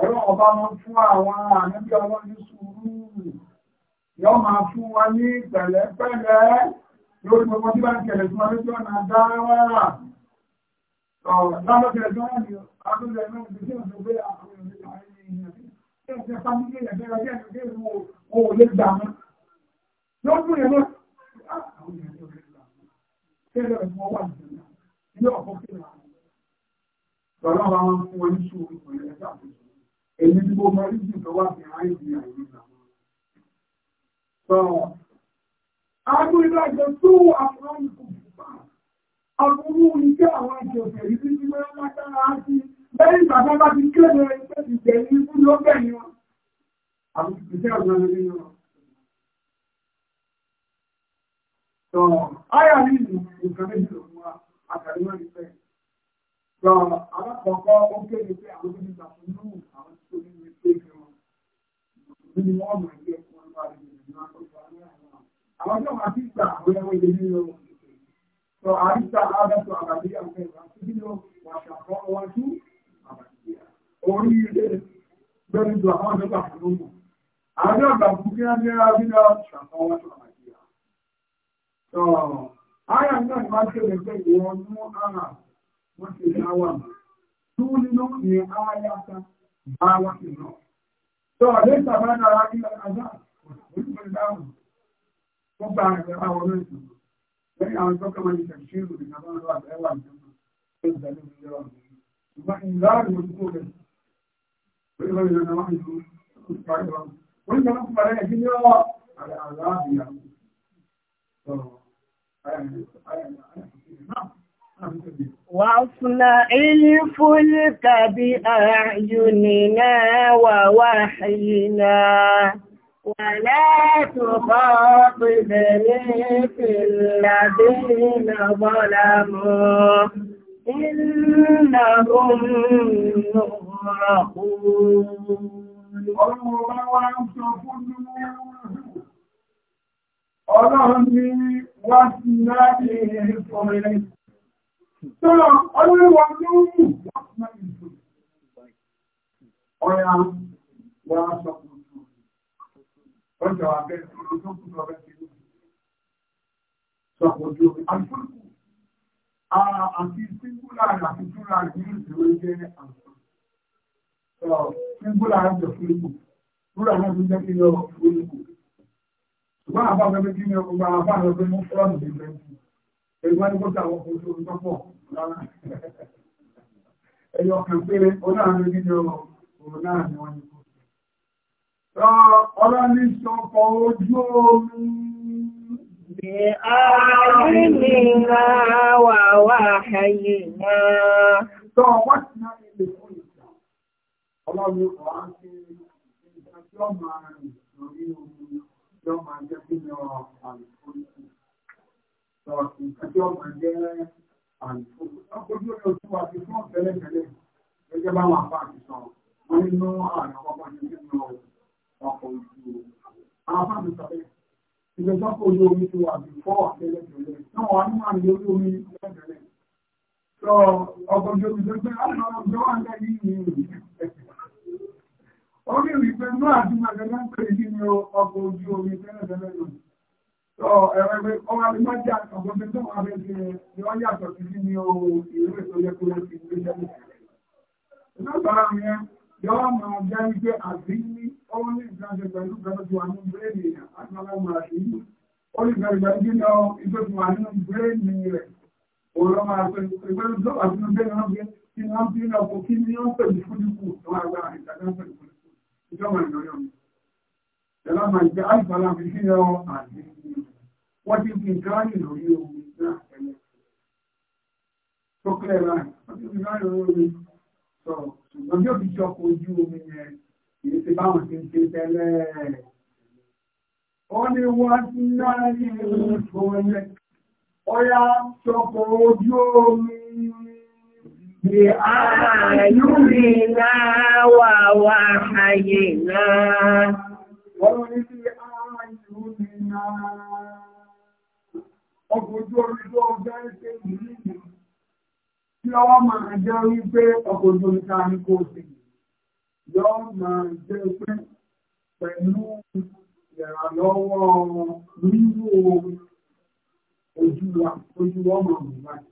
ọ̀rọ̀ ọba wọn fún àwọn ànábí ọlọ́run wọn ò lè gbà mọ́ ah, àwọn èèyàn tó wà ní àìsí àìsí ìgbà àwọn ìjọsẹ̀ yìí ti ti máa ń sí. Lẹ́yìn ìgbà bá ti kéde ẹgbẹ́ ìgbẹ̀yìn fún lọ́gbẹ̀yìn wọn. Iṣẹ́ ọ̀gbọ́n ní nínú. Sọ ayà ní ìlú nǹkan méjì ló mú wa, àtàrí wọn ní fẹ́. Sọ alákọ̀ọ́kọ́ ó kéde pé àwọn méjì gbà fún lóhùn àwọn tó ní ní pé kí wọn. Ìlú ni wọ́n mọ̀ ẹgbẹ́ fún wọn bá rí ìrìn náà tó gbà ní àwọn. Àwọn tí wọ́n ti gbà àwọn ẹwọ́ ilé ní ọ̀rọ̀. Sọ àríṣà Adájọ́ Àbàdí àwọn ẹ̀rọ àti bí Abịa bụkwa ndị abịa shakọwa Samaria. So, ndị mmadụ ebe iwu ọnụ aha wata yawa ma. Tulu ne aya ta ba wata nọ. So, ne saba na rakiya kaza, wani mai damu. a ga awon nan su. Dan ya zo kamar tafsiru da gaban ruwa da yawa da yawa. Sai da ne yawa. Ba in da. na wọ́n jẹ́ wọ́n ti bàrẹ̀ ẹ̀dí ní ọwọ́ àrẹ ووحينا ولا تخاطبني في الذين ظلموا إنهم مغرقون Ọlọ́run bá wá ń sọ fún Ọlọ́run ní wá sí láti ìfọ̀rẹ̀. Tọ́lọ, ọlọ́wọ́ ló mú ọ̀yà sọ fún ọjọ́ abẹ́ ìrọ̀lọ́kùnrin ọ̀rẹ́ ìlú. Sọ fún ojú àti síngúlà àti túnra ní ìdúró jẹ́ àṣọ nígbóla àjọ fúlùkù rúra náà tó jẹ́ kí yọ fúlùkù ṣùgbọ́n àbá fẹ́ kí ni ọgbà àbá rẹ̀ fẹ́ mú fúlọ́ọ̀nù ní ìgbẹ́ ti ẹgbẹ́ ní kóta àwọn ọkùnrin tó ń tọ́pọ̀ rárá ẹ̀yọ kan péré onáàrin kí ni ọ̀rọ̀ náà ni wọ́n ní kó ọlọ́ni sọpọ̀ ojú omi Bí ààrin mi náà wà wà ayé náà. Sọ wọ́n ti náà ọlọ́run kò wá sí ìgbà tí ó máa rìn lórí omi tí ó máa jẹ́ kí lọ àlùfóòsì lọ nǹkan tí ó máa jẹ́ àlùfóòsì. ọkọ̀jú ni oṣù wa ti fún ọ̀tẹ́lẹ̀tẹ́lẹ̀ gẹ́gẹ́ báwọn àpá àti sọ wọ́n nínú àrùn ọkọ̀ ní nínú ọkọ̀ ojú àwọn àpá àti sọ bẹ́ẹ̀. ìgbésọ́ kò ojú omi ti wà bí fọ́ ọ̀tẹ́lẹ̀tẹ́lẹ̀ náà wọ́n á ní ó ní wípé inú àdúgbò àgbẹ̀dá ń pè ní ní ọkọ̀ ojú omi tẹ́lẹ̀tẹ́lẹ̀ lò tó ẹ̀rọ ẹgbẹ́ ọmọ mi má jẹ́ àtọ̀gbọ́n tó wà bẹ́ẹ̀ ti ni wọ́n yàtọ̀ sí sí o ìlú ètò yẹ kó ti gbé jáde látara yẹn yọ máa jẹ́ wípé àbí ní ó ní ìgbàgbé pẹ̀lú pẹ̀lú tó wà ní bírèèdì àti ìjọba ìdọ̀yọ̀ mi. Ìjọba máa jẹ́ àìsàn àfi sí ọ àti wọ́n ti fi nǹkan rìn lórí omi náà tẹ́lẹ̀. Tó kílẹ̀ láì, wọ́n ti fi nǹkan rìn lórí omi sọ̀rọ̀. Ṣùgbọ́n bí ó fi ṣọkọ̀ ojú omi yẹn, kìí ṣe báwọn ti ń ṣe بأعيننا ووحينا Ọkùnjú orígbó ọjọ́ ìṣẹ́ ìlú tí ọ máa jẹ́ wípé ọkùnjú ìta ní kò sí, yọ máa jẹ́ pé pẹ̀lú ìrànlọ́wọ́ nínú ojú wa, ojú ọmọ ìgbàtí.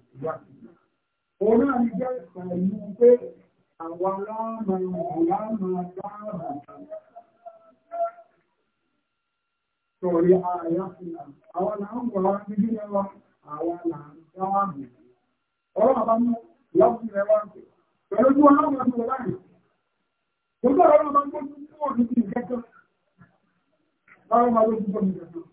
Òun náà ni jẹ́ ìpàlú pé àwọn aláàmà aláàmà dáàmà sọ̀rí ààyà fìlà. Àwọn aláàmà wà níbi ẹwà àwọn aláàmà Ọ̀rọ̀ bàbá mú lọ́pù ẹwà pẹ̀lú tí wọ́n láwọn ọdún láàrin. Gbogbo ọ̀rọ̀ bàbá mú tó tún fún ọ̀dún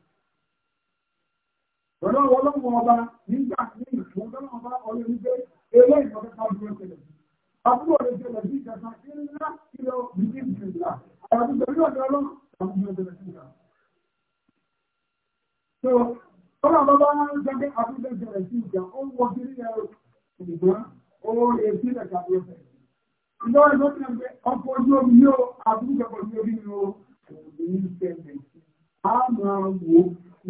Lọ́dọ̀ ọlọ́run ọba nígbà ní ìlú ọlọ́run ọba ọlọ́run gbé eré ìjọba ká dúró ṣẹlẹ̀. Àbúrò rẹ̀ ṣẹlẹ̀ sí ìjọba kí ńlá kí lọ bí kí n ṣẹlẹ̀. Àwọn ìjọba ọ̀dọ̀ ọlọ́run àwọn ìjọba ṣẹlẹ̀ sí ìjọba. So, ọlọ́run ọba bá ń jẹ́ pé àbúrò ṣẹlẹ̀ sí ìjà ó wọ kiri a máa wò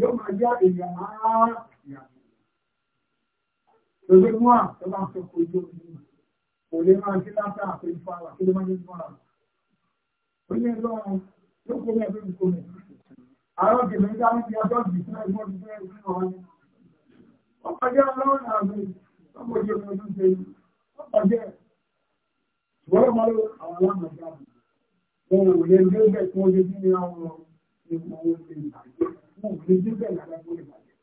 yóò máa já èèyàn ara ìyàwó. Lọ́jọ́ mú à tó bá sọ pé ojú omi kò lè máa kí látà àpé ifá wà kí ló máa ń gbọ́ ara. Ó ní lọ́run tó kó mi ẹgbẹ́ mi kó mi. Àárọ̀ kìlọ̀ ń dá níbi ọjọ́ ìbí fún ẹgbẹ́ mi fún ẹgbẹ́ mi wọn. Wọ́n kọjá lọ́rùn àgbẹ̀ ọmọ ojú omi ọdún ṣe wọ́n kọjá. Ṣùgbọ́n ọmọ àwọn alámọ̀dá wọn ò lè gbé ìmọ̀wó lè bàjẹ́ mú lè níbẹ̀ lára mú lè bàjẹ́.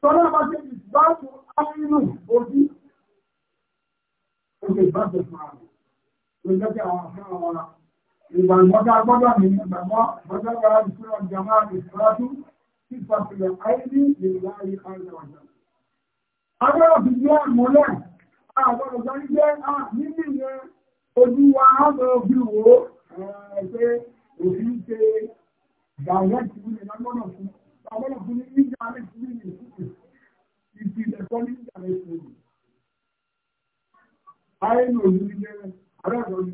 Tọ́lá bá ṣe ìbáṣọ áyínú ojú oṣù ìbáṣọ fún àwọn olùdókè àwọn afẹ́ àwọn ìgbàgbọ́dá gbọ́dọ̀ ní ìgbàgbọ́ gbọ́dọ̀ gbọ́dọ̀ ìṣúra ìjàmá ìṣúrájú tí ìfàṣìlẹ̀ àìní lè láàyè àìlẹ̀ ọ̀jọ̀. Agbọ́dọ̀ fi yẹ ìmọ̀lẹ̀ àgbọ̀dọ̀ sáré jẹ́ níbi ìyẹn ojú wa á lọ bí wò ó pé òfin ṣe direct wílẹ̀ lágbọ́dọ̀ fún lágbọ́dọ̀ fún ní indirect wílẹ̀ fún ìpìlẹ̀ tó ní indirect wílẹ̀. ayé ní òní ní jẹ́rẹ̀ àrẹ́sọ ní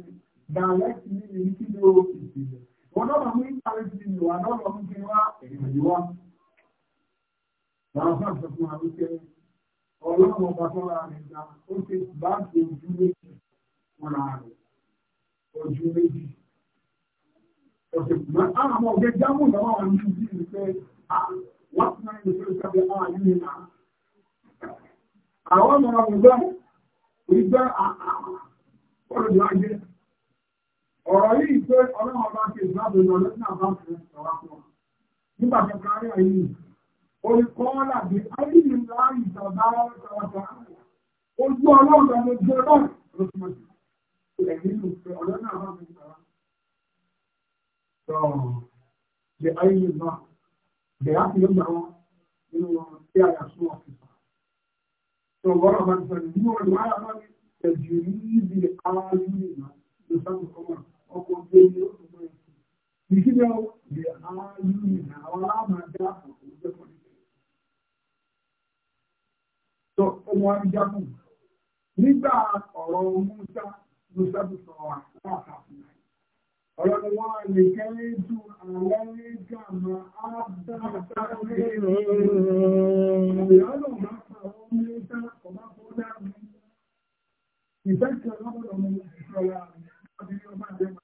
direct wílẹ̀ ní kí ni ó ìpìlẹ̀ wọn náà máa mú indirect wílẹ̀ wà náà máa mú kí wá èèyàn wá. wàá fà sọ fún wa wípé ọlọ́run ọba tó ra rẹ̀ ga ó ti bá ti ojú méjì fúnra rẹ̀ ojú méjì ọ̀sẹ̀ kùnà àwọn ọ̀gẹ́ jámù náà wà ní ìdí ìlú pé wọ́n ti máa ń lè sábẹ́ ààyè ní à. àwọn ọmọ ọmọ ìgbà ìgbà ọ̀rọ̀ ìwájú ọ̀rọ̀ yìí pé ọlọ́run bá ti ìgbàgbọ́ lọ lọ́sìn àbá fún ọ̀rọ̀ fún nígbà tó kárí àyè olùkọ́ làbí ayé ńlá ìjọba ọ̀tọ̀ọ̀tọ̀ ojú ọlọ́run lọ́jọ́ náà lọ́sìn àbá fún ọ̀rọ̀ So the eye is not. They have to know, you know, they are so officer. So what about the new and why about it? The Juribi Alina, the son of Omar, of Obey, you see now, the Alina, Allah, my God, the So, Omar Jamu, nígbà ọ̀rọ̀ Musa, Musa bí sọ̀rọ̀ àwọn àkàfin. ولكنت عليك ما أبدأ منه لأنه ما فهمت وما فهمت يفكر أمر من الحياة ومن تسمع عليه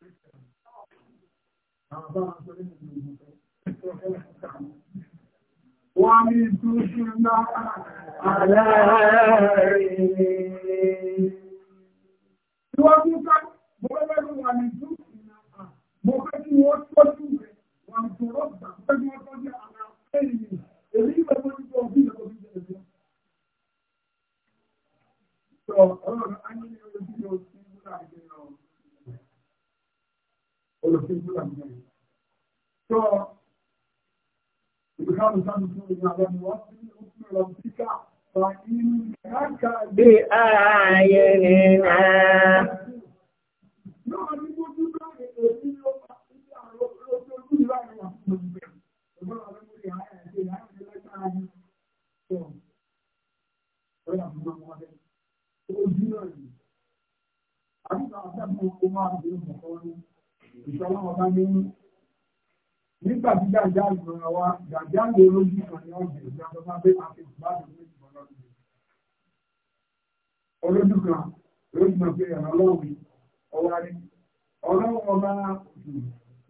وقال بابا ومن تسمع mo fẹ́ kí wọ́n tọ́jú rẹ̀ wà lọ́rọ̀ gbà fẹ́ kí wọ́n tọ́jú àwọn ẹ̀yìn èyí ìwé tó ti tọ́jú ìlú tó ti jẹ́ ẹ̀jẹ̀. sọ ọlọ́run á ní ojú ní ojú ìwúrà ìjẹ́ náà olùsí ìwúrà ìjẹ́ náà. sọ ìbùkún sáà tó ìrìn àwọn ọmọ wọn sí òkú ìrọ̀ píkà Bí ààyè nìyà èyí ló máa ń ṣe àwọn olóṣèlú ìlú àwọn àkókò ìgbẹ́ ọgbọ́n àwọn ọmọ ìyá àti ìyá àti ìlẹ́gbẹ̀rẹ́ ayé tó ọ̀rẹ́ àwọn ọmọ ọmọdé ojú náà yìí àbúkọ àtàkùn ọkọ máa nígbà tí gàdá ìgbọ̀nà wa gàdá ní olójú kan ní ọ̀gbìn ìjọba bá bẹ́ àti ìgbàdùn ní ìgbọ̀nà olójú kan lórí mọ̀ pé ẹ̀rọ ọlọ́run ọwọ́ ọlọ́run ọba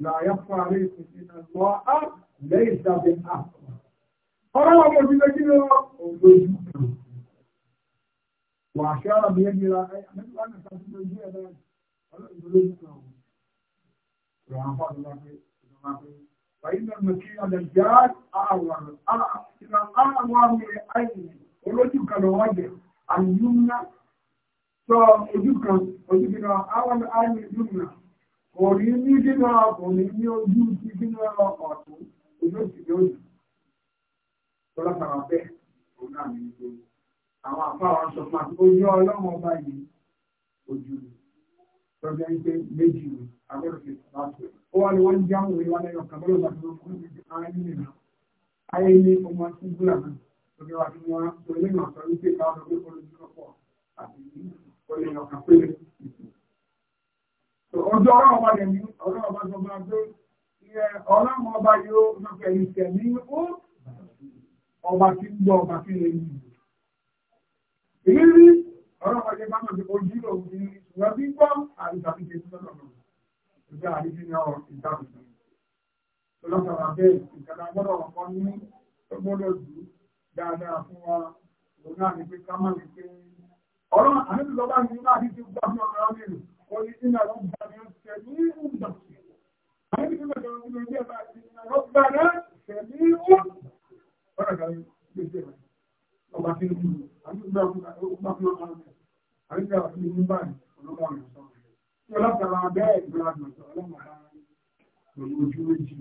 làyà fún ààrẹ ìpínlẹ̀ lọ á lẹ́yìn ìdábẹ̀ náà ọlọ́run ọba òbí lójú lọ òjòjú kan wà á ṣe ara mi yẹn nira ẹ mẹ́tọ́ láti ṣàtúnṣe lójú ẹ̀ bẹ́ẹ̀ ọlọ́run ìlú lójú kan ò rẹ̀ wọ́n fà lọ́wọ́ pé ìjọba pé kò rí ní gíná ọkùnrin ní ojú ti gíná ọ̀tún ojú òsì lónìí tọ́lọ́tara bẹ́ẹ̀ òun náà ní ìgbé àwọn àfáwọn sọ fún àti ojú ọlọ́run ọba yìí ojú lọ́jọ́ ń pé méjì ni agbọ́dọ̀ fi láti ó wá ní wọ́n ń jáwọ́ ìwà lẹ́yìn ọ̀kan lọ́dọ̀ láti lọ́wọ́ fún ìdí ayé nìyà ayé ní ọmọ tí gbúra náà lọ́jọ́ wa ti wọ́n lẹ́yìn ọ̀kan wípé káwọn ọ̀dọ́ pé olùdókòwò àti ọjọ́ ọlọ́run ọba dẹ̀ ní ọlọ́run ọba tó bá gbé ọlọ́run ọba yóò lọ́pẹ̀ ìtẹ̀ ní ó ọba tí ń gbọ́ ọba tí lè ní èyí rí ọlọ́run ọba jẹ́ bá mọ̀ sí ojú lòun ní ìṣúná tí ń gbọ́ àìsàfihàn tó lọ́nà ìgbà àdíjì ní ọ̀rọ̀ ìdáàbòbò lọ́sọ̀rọ̀ bẹ́ẹ̀ ìkàdà gbọ́dọ̀ ọ̀pọ̀ ní gbọ́dọ̀ jù dáadáa fún wa òun náà ní pé ọlọ́run àdébìsọ bá ní nígbà tí gbọ́ قل إن ربنا سميع بصير هذه كما تقول لي إن ربنا سميع فرجع بسير الله في الدنيا أنا ما ما ما أنا في المبان ولا ما ولا ترى بيت ولا ما ولا ما olùdíwèjì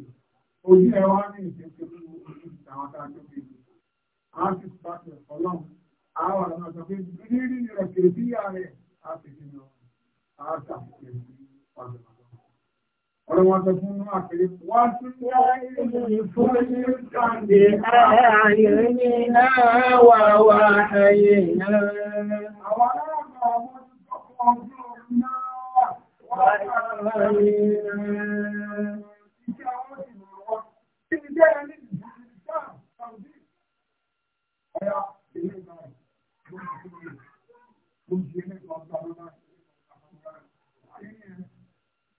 ojú ẹ wá ní ìṣẹ́jú ojú àwọn adájọ́ bèbè a ti pàṣẹ ọlọ́run àwọn àwọn àgbàgbé rírí rẹ̀ kèrè sí ààrẹ àti ìdíyàn àátà Ọ̀rọ̀ wọn sọ fún àkèrè wọ́n tún wọ́n fún ní kàndé ààrẹ náà wà wà ayé náà. Àwọn aláàbọ̀ ọmọ ọmọ ọdún náà wà ní ọjọ́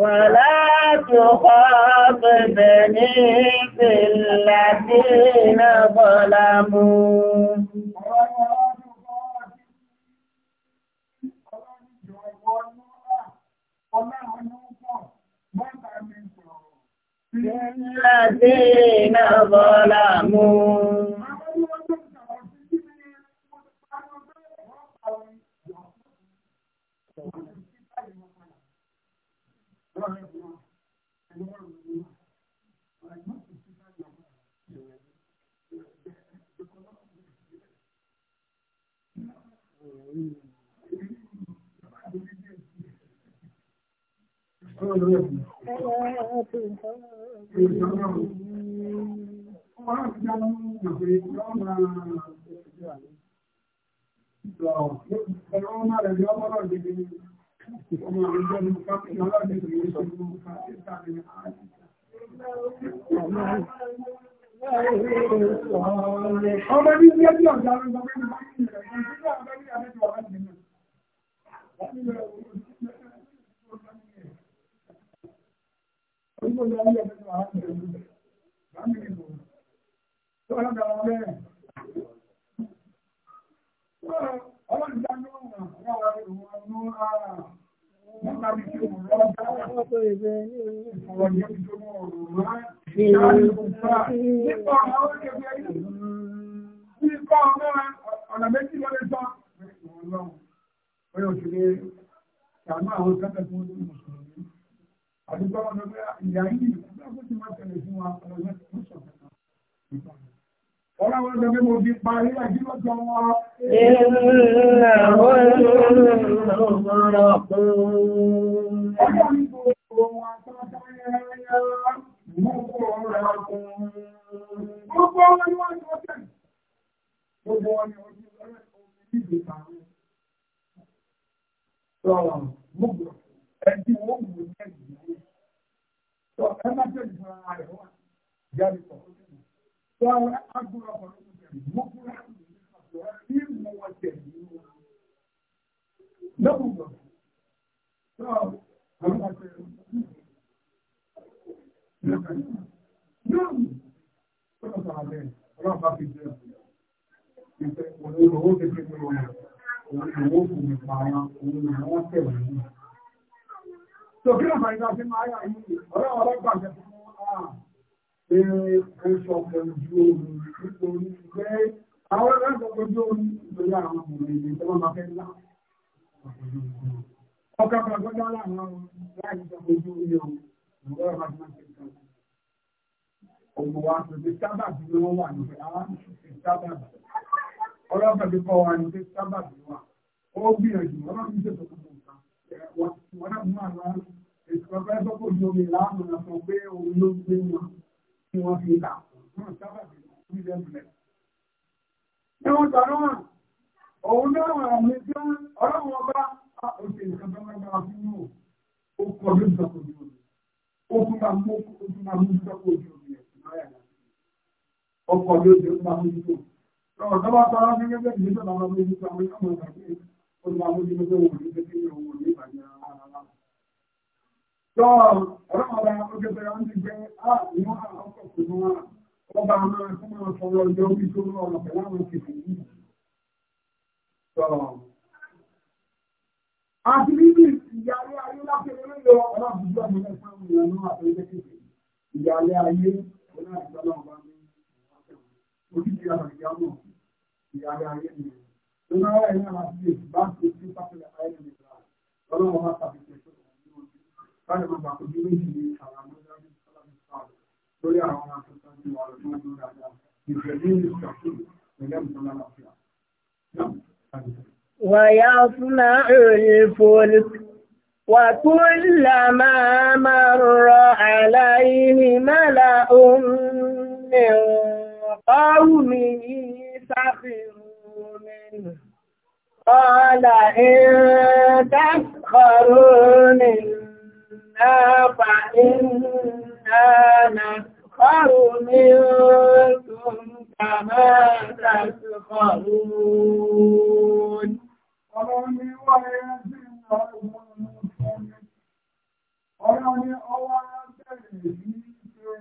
Wàlá tó kọ́ bẹ̀bẹ̀ ní ìpìlà tí iná bọ́lá Ìjọba ọmọ àwùjọ ní ìṣòro ní mo ká pé tàbí àárín. Ọmọ ní ilé ẹjọ́ ọ̀gá ló sọ pé mo bá ń bẹ̀rẹ̀ Nàìjíríà ọ̀gá ní àlejò ọ̀gá ti mọ̀. Onígbò ní ayé ẹ̀jẹ̀ ọ̀gá ti mọ̀. Bá mi nìbò. Tó Ìkọ́ ọ̀nà méjì lọ lè sọ, ọlọ́run, ọ̀yọ́ òṣèré, ṣàmà àwọn sẹ́fẹ́ fún orí mùsùlùmí. Àdúgbọ́ ọ̀nà ìyá yìí, ọ̀nà fún ti máa tẹ̀lé fún wa, ọ̀nà mẹ́sàn-án. Ọlọ́wọ́ ọjọ́ bí mo fi parí àjílọ́jọ́ wọn. Ìrìnlẹ̀ ọjọ́ ní gbogbo wọn Báwo agbóra bọ̀ ló jẹ̀ mọ́kúrá àgbóra bí mo wọ jẹ̀ nínú. Lọ́wọ́ bọ̀. Báwo àwọn àgbẹ̀ rẹ̀ yóò mú. Bọ́lá sọ̀rọ̀ bẹ́ẹ̀, ọlọ́run bá fi jẹ́ ìfẹ́ òun lówó kékeré wọn. Òun Èmi ń sọ̀kọ̀ ojú omi nítorí pé àwọn ẹgbẹ́ ojú omi nítorí àwọn ọmọbìnrin ní ìjọba máa fẹ́ ńlá. Ọkà pàgọ́dá láwọn láì sọ̀kọ̀ ojú omi o, ìwọ́ ọ̀rọ̀ máa ti máa ṣe Ọmọ wa sọ pé sábàbí ni wọ́n wà ní àwọn ìṣẹ̀ṣẹ̀ sábàbí. Ọlọ́pàá ti kọ́ wa ní pé sábàbí wà. Ó gbìyànjú, ọlọ́pàá ti ṣètò fún wọn tí wọ́n fi là ní wọ́n tàbí wọn òun náà wà ní tí ọlọ́run ọba òṣè nǹkan tó máa gbára fún wọn ó kọ ló jọ kò ní omi ó tún máa mú ó tún máa mú jọ kò Tọ́ọ̀rù ọlọ́ọ̀dá ọjọ́ bẹ̀rẹ̀ wọ́n ti gbé àwọn ọkọ̀ fún wọn. Ọba máa tún máa sọ̀rọ̀ ọjọ́ orí tó ń rọrùn pẹ̀lú àwọn kìfì yìí. Tọ́ọ̀rù. Àti bíbí ìyàlé ayé lápẹ̀lẹ́ lọ ọlọ́dúnjọ́ mi lẹ́sàn-án mi lọ́nà àtẹ́jẹ́ kìfì. Ìyàlé ayé ọlọ́dúnjọ́ náà bá mi. Oríṣi àwọn ìyá náà ìyàlé ayé mi. Lọ́nà ọ̀rẹ́ náà láti lè bá ti sí pápẹ́lẹ̀ ayé mi. Ọlọ́run wá tàbí ويصنع الفلك وكلما مر عليه ملأ من قومه سخروا منه قال إن تسخروا منه منا فإنا نسخر منكم كما تسخرون Ọ̀rọ̀ ni ọwọ́ bẹ̀rẹ̀ ní ṣe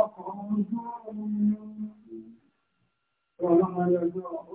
ọkọ̀ ojú omi ọlọ́mọdé ọjọ́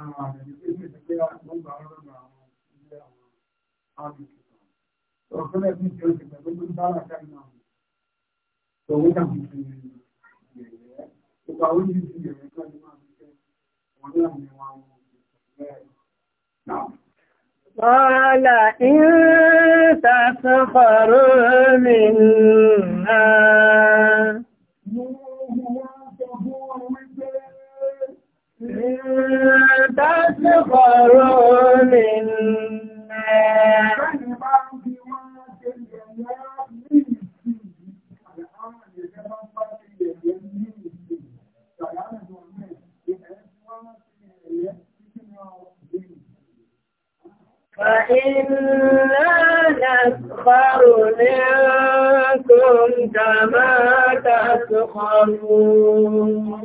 àwọn àdàbí pé ní ìpínlẹ̀ wọ́n gbà ọ́rọ̀ lọ́dọ̀ àwọn ilé àwọn ábìkì kan. ọ̀kọ́lẹ̀ bí ìjọ ti pẹ̀lú pé bára káyìn náà tó wọ́n kàbí ti yẹ̀yẹ́ gbogbo àwọn yìí ti yẹ̀yẹ́ kan ní máa ń fẹ́ wọ́n ní àwọn ìwà wọn قال إن تسخروا منا Tásìkọ̀rọ̀ lè فإنا نسخر منكم كما تسخرون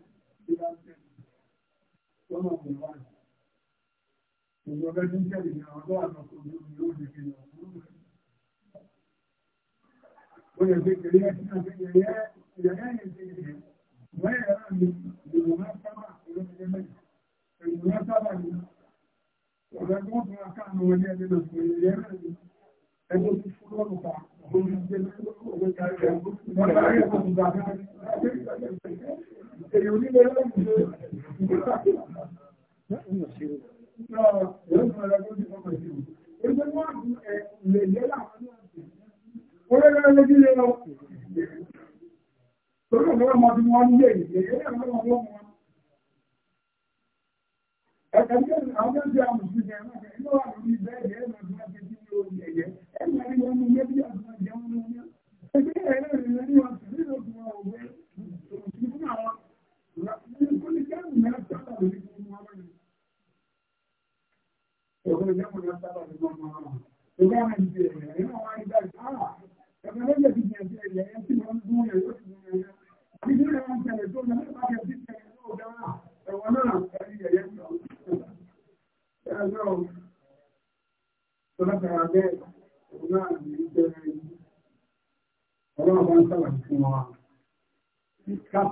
Ìjọba ní ìjẹ́lì àwọn ọlọ́ọ̀lọ́kùnrin ló ń fi lọ. Ó yẹ pé kèrè ẹ́ sí ìjẹ́ ìjẹ́ ìjẹ́ wọ́n yẹ̀ rán ní ìrùnmọ́ sábà ìrùnmọ́ mẹ́rin. Ìrùnmọ́ sábà ní ọ̀rẹ́gbọ́n fún akáàmù wọlé ẹgbẹ́ lọ sí ìrẹ́ rẹ̀ ẹgbẹ́ fífún lọ́nà ta lórí jẹ́ owó kárí ẹgbẹ́ fífún lọ́nà ta èyí onílé lọ́nà Torí ọ̀dọ́ ọmọ ọdún wọn ní èyí, èyí ọ̀dọ́ ọmọ ọdún wọn. Ẹ̀kẹ́ ní àwọn ọmọ ọdún àwọn ọmọ ọdún ẹ̀rọ ìgbẹ́ ẹ̀yẹ́ ẹ̀rọ ìgbẹ́ ẹ̀yẹ́ Ìgbà máa ń bèèrè, ìwọ̀n wáyé.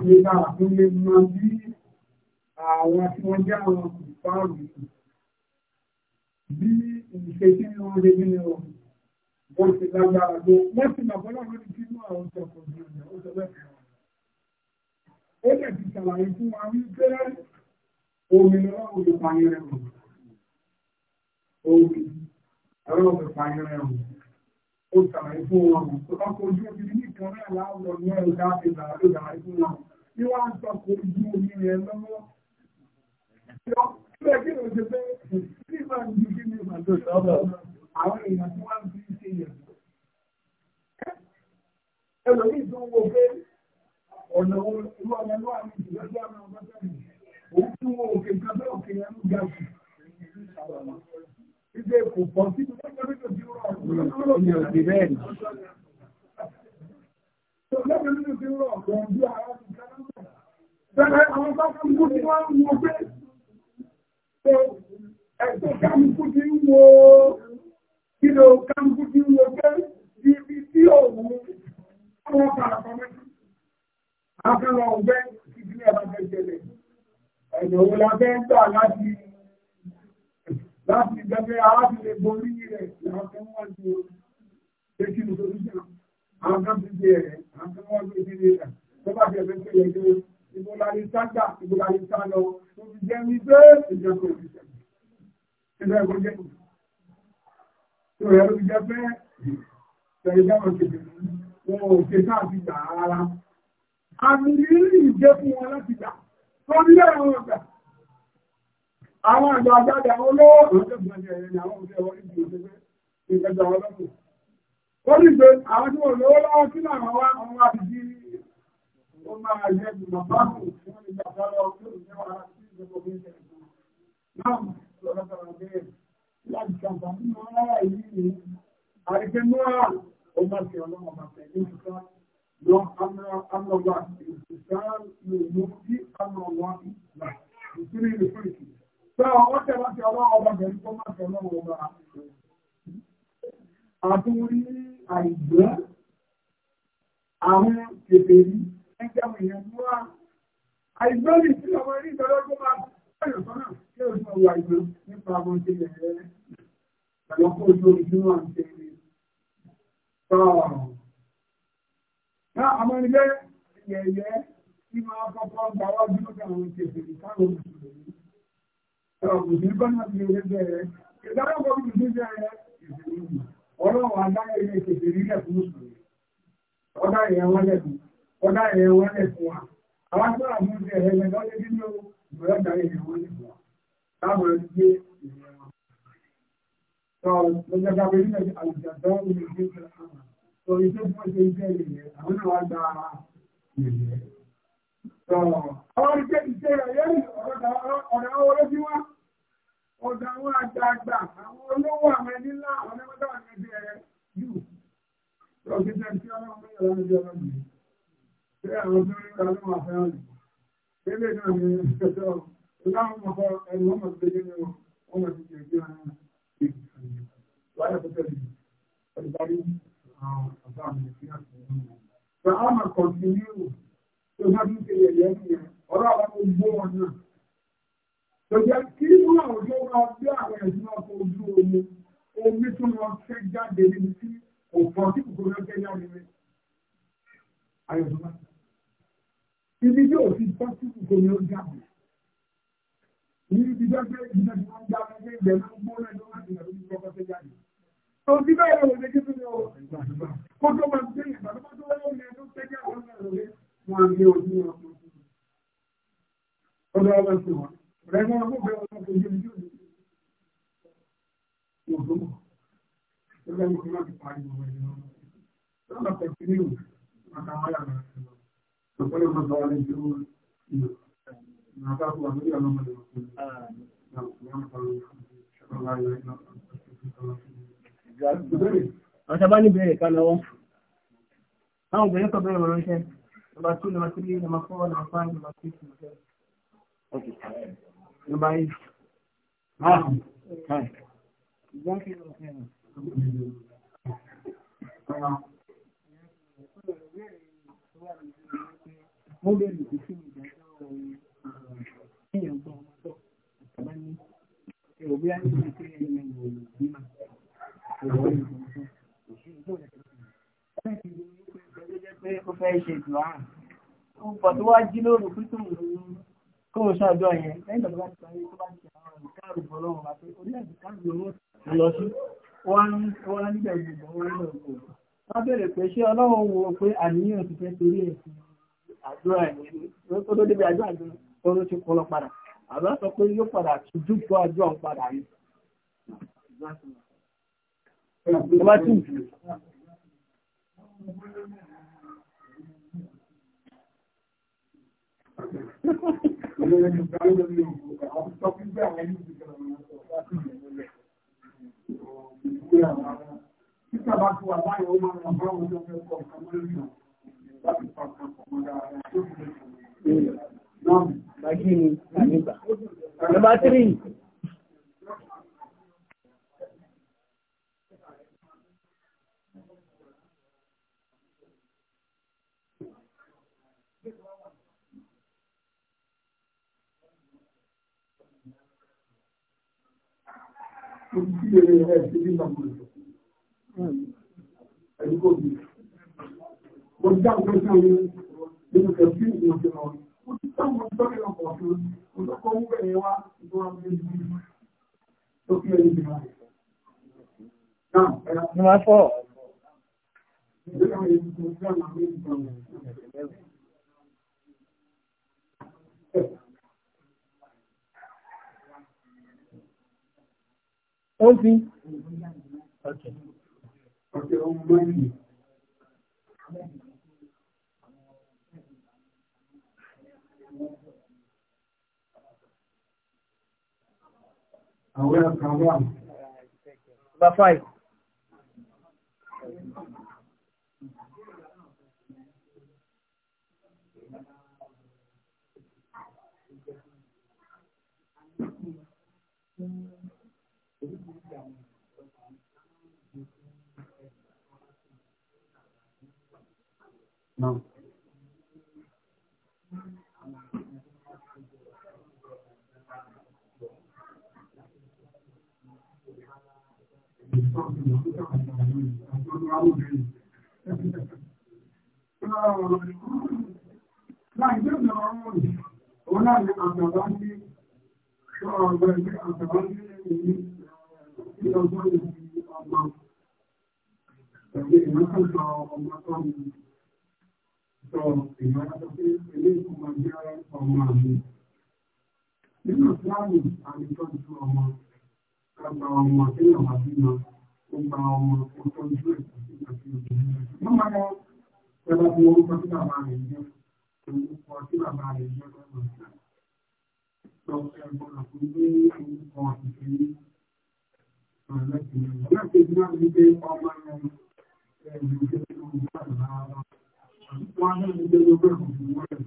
láti lè bá àtún lè mọ bí àwọn tí wọ́n jẹ́ àwọn ìfáàrù bí ìṣe tí wọ́n lè ní ọ wọ́n ti lágbára lọ wọ́n ti mọ̀ bọ́lá wọn ti mú àwọn ìjọpọ̀ ní ọjà ó sọ bẹ́ẹ̀ ó dẹ̀ ti ṣàlàyé fún wa wípé omi lọ́wọ́ olùpààyàn rẹ̀ wọ̀ omi ẹ̀rọ olùpààyàn rẹ̀ wọ̀ ó ṣàlàyé fún wọn ọkọ̀ ojú omi nìkan náà láwùjọ ní ẹ̀rọ dáàbò tí wọ́n ń takò ìlú omi rẹ̀ lọ́wọ́. Kílẹ̀ kí ló ṣe pé kí máa ń di kí ni màdó sọ́bọ̀ àwọn èèyàn tí wọ́n ń fi ṣe yẹ̀. Ẹlòmíì tó ń wo pé ọ̀nà ìlú ọmọ ìlú àmì ìdílọ́jọ́ àmì ọgbọ́n tẹ̀lé. Òun tún wo òkè kan bẹ́ẹ̀ òkè yẹn ń ga jù. Ìgbé kò pọ̀ sí ìlú ọjọ́ nínú ti rọ̀ ọ̀gbọ́n. Ìyẹn ò sí bẹ́ẹ̀ ni. Ìjọba nínú ti rọ̀ ọ̀gbọ́n bí ara ti Bẹ̀rẹ̀ àwọn bá fún kú tí wọ́n mú pé tó ẹ̀tọ́ káàmùkú tí ń wo kílò káàmùkú tí ń wo pé ibi tí òun àwọn parapamẹ́. Akẹ́lọ ọ̀gbẹ́ ìdílé ọba jẹjẹrẹ. Ẹ̀yọ̀ wo la fẹ́ gbà láti láti ìjọba aláti lè borí rẹ̀ láti wọ́n ju ẹkí ní solúṣà. Àwọn kan ti di ẹ̀rẹ̀, àwọn kan wọ́n ti di ẹ̀rẹ̀. Tó bá jẹ́ fẹ́ fẹ́ yẹ ìbòlárí ságbà ìbòlárí sálọ tó fi jẹ́ ní pé ìjọba òṣìṣẹ́ ìjọba ẹ̀kọ́ jẹ́ kù tó rẹ̀ ló fi jẹ́ pé tẹ̀lé dáwọn kèdè wọn ò ké káàfi gbà rárá àmì rírí ìjẹ́ fún wọn láti gbà tó ní àwọn ọ̀gbà àwọn àgbà àgbàdà olówó àwọn tó gbà jẹ́ ẹ̀rẹ́ àwọn òṣèré wọn ìgbìmọ̀ tó fẹ́ ìgbàgbà ọlọ́pù ó ní pé àwọn tí wọn lówó lọ́wọ́ kí àwọn wá fi jí ó máa yẹ ìgbà bá kù fún ìgbà bá lọ tó ìjẹ́ wa sí ìjọba omi ìṣẹ̀lẹ̀ kan. Náà lọ́dọ̀ sọ̀rọ̀ bẹ́ẹ̀ láti kàǹtà nínú ara yìí ni àríkẹ́ náà ó máa fi ọlọ́run ọba tẹ̀lé ìṣúká lọ amọ̀wá ìṣúká lòlú sí amọ̀wá ìgbà ìṣúrí ìlú fún ìṣú. Sọ wọ́n tẹ̀ láti ọlọ́run ọba tẹ̀lé kó máa fi ọlọ́run ọba àtúrí àìgbẹ́ àwọn kèfèrí ẹjẹ́ àwọn èèyàn mú wá àìgbọ́nì tí ọmọ ní ìtọ́lọ́gbọ́n máa bọ́ọ̀lù sọ́nà tí ó sọ wà ìgbọ́n nípa ọmọ tí ilẹ̀ rẹ̀ pẹ̀lú ọkọ̀ ojú ojú wà ọlọ́run adáyẹ̀ ilé kèfèrè rẹ̀ fún mùsùlùmí ọdá ìyẹn wọ́n lẹ́bi ọ̀dá ẹ̀ wọ́n lè fún wa àwọn tó wà mú ẹ̀ ẹ̀ lọ́dọ́ lé nínú ìwọ̀n ọ̀dá ẹ̀ wọ́n lè fún wa táwọn ẹ̀ gbé ìwọ̀n wọn. sọ lọ́jọ́ gbàgbé nílẹ̀ àlùjàdọ́ ní ìdí ìfẹ́ àwọn sọ ìdí fún ṣe iṣẹ́ ìlẹ̀ àwọn náà wá gba ìlẹ̀. sọ àwọn iṣẹ́ iṣẹ́ rẹ̀ yẹn ọ̀dà àwọn olójú wa ọ̀dà àwọn àgbààgbà àwọn olówó àwọn ẹni ńlá àwọn ẹgbẹ́ pé àwọn tó ń ta ló máa fẹ́ràn rẹ̀. Bébè náà ni ẹ̀sọ́ láwọn ọmọ kọ ẹni wọ́n máa gbélé ní wọn, wọ́n máa ti jẹ̀bi ara wọn. Wáyà tó tẹ̀lé ọ̀dùbárí ọ̀bá mi sí àtúntò náà. Sọ á máa kọ̀ntínú tó bá tún ṣe yẹ̀yẹ́ nìyẹn, ọ̀rọ̀ àwọn gbogbo wọn náà. Tòjẹ́ kí inú àwùjọ máa gbé àwọn ẹ̀sìn náà kó ojú omi, omi tó lọ fẹ́ jáde níbi tí òfò tí kòkòrò fẹ́ jáde rẹ̀. Ayọ̀dúnmá ibi tí òfin pásítì tó ní ó jáde níbi dákẹ́ ìjọba tí wọ́n dáa ní ilẹ̀ ló ń gbóná ló láti ìyàwó ní kọ́kọ́ tó jáde. Òbí bẹ́ẹ̀ rẹ̀ lè kí tóbi ọ̀rọ̀ kó tó máa gbé ìgbà tó tó wọ́n lè tó tẹ́jà wọn náà lórí wọn gbé ojú wọn. Ọ̀dọ̀ ọba sí wọn. Rẹ̀ wọn kó bẹ́ẹ̀ wọn kó yébi tó yẹ. Òbó. Ó lọ́wọ́ kí wọ́n ti parí ìwé náà. Lọ́nà pẹ̀lú ìlú àtàwọn àyàwó وكل من ضل الجنون ما تعرفوا عن اليوم من المسلمين. نعم. نعم. شكرا الله إليك. Àwọn ṣàbá ní bẹ̀rẹ̀ ah. ká lọ́wọ́. Àwọn obìnrin kan bẹ̀rẹ̀ wọ̀rọ̀ iṣẹ́. Nọmba 2, nọmba 3, nọmba 4, nọmba 5, nọmba 6, nọmba 7. Ok. Nọmba 8. Ah, hi. Ìgbọ́n kí ló fẹ́ràn wọ́n bẹ̀rẹ̀ sí sí ìdájọ́ èèyàn gbọ́ ọmọ tó àtàbá ní èrò bí wọ́n ti ẹ̀yìn ìwòye bímọ ìwòye ìgbọ̀nsán òṣìṣẹ́ ìgbọ̀nsán. ó fẹ́ ṣe jù áhùn ó pọ̀ tó wá kó o ṣàjọ yẹn lẹ́yìn tó bá ti bá ti àwọn ìkáàrù bọ̀ lọ́wọ́ wa pé káàrù lọ́wọ́ lọ sí wọ́n á níbẹ̀ gbogbo wọn lọ́wọ́ wọ́n bẹ̀rẹ̀ pé ṣé ọlọ́run wo pé àníyàn ti fẹ́ torí ẹ̀sìn àdúrà yẹn tó tó débi àjọ àdúrà tó ló ti kọ́ lọ padà àbá sọ pé yóò padà tìjú tó àjọ àwọn padà yìí. Ìjọba tí jù. Títà bá tó wà láyé ó máa ń ràn bá òun lọ́wọ́ ọ̀kan lórí náà láti pàtàkì ọmọ dáadáa tó ti bí màmú rẹ̀. Ẹ̀yìn kò bí mo já ọjọ́ sí orí nínú kẹfí ìwọ̀n ti lọ ọmọ mọ́ Àwẹ́ àkàwà. No. Nínú ìsìláàmù àti ìtọ́jú ọmọ, ọgbà ọmọ tí yàn wà bí náà ó gba ọmọ ọjọ́ ojú ẹ̀kọ́ sí àti obìnrin rẹ̀. wọ́n máa lọ ẹ̀rọ fún orúkọ tí bàbá rẹ̀ jẹ́ orúkọ tí bàbá rẹ̀ jẹ́ lọ́dọ̀ sí. sọ ẹ̀gbọ́n àfún ní orúkọ ìfẹ́ ọ̀lẹ́kùnrin. láti ìdílé àti ìgbé ọmọ ẹ̀rọ ẹ̀rọ ìgbésẹ̀ tó ń bá ìlà ara. wọ́n á ní ìgbé gbogbo ẹ̀kọ́ fún wọn rẹ̀.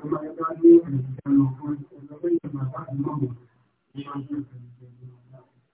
ọmọ ẹ̀ka ní ẹ̀rọ ìgbésẹ̀ lọ fún ẹ̀rọ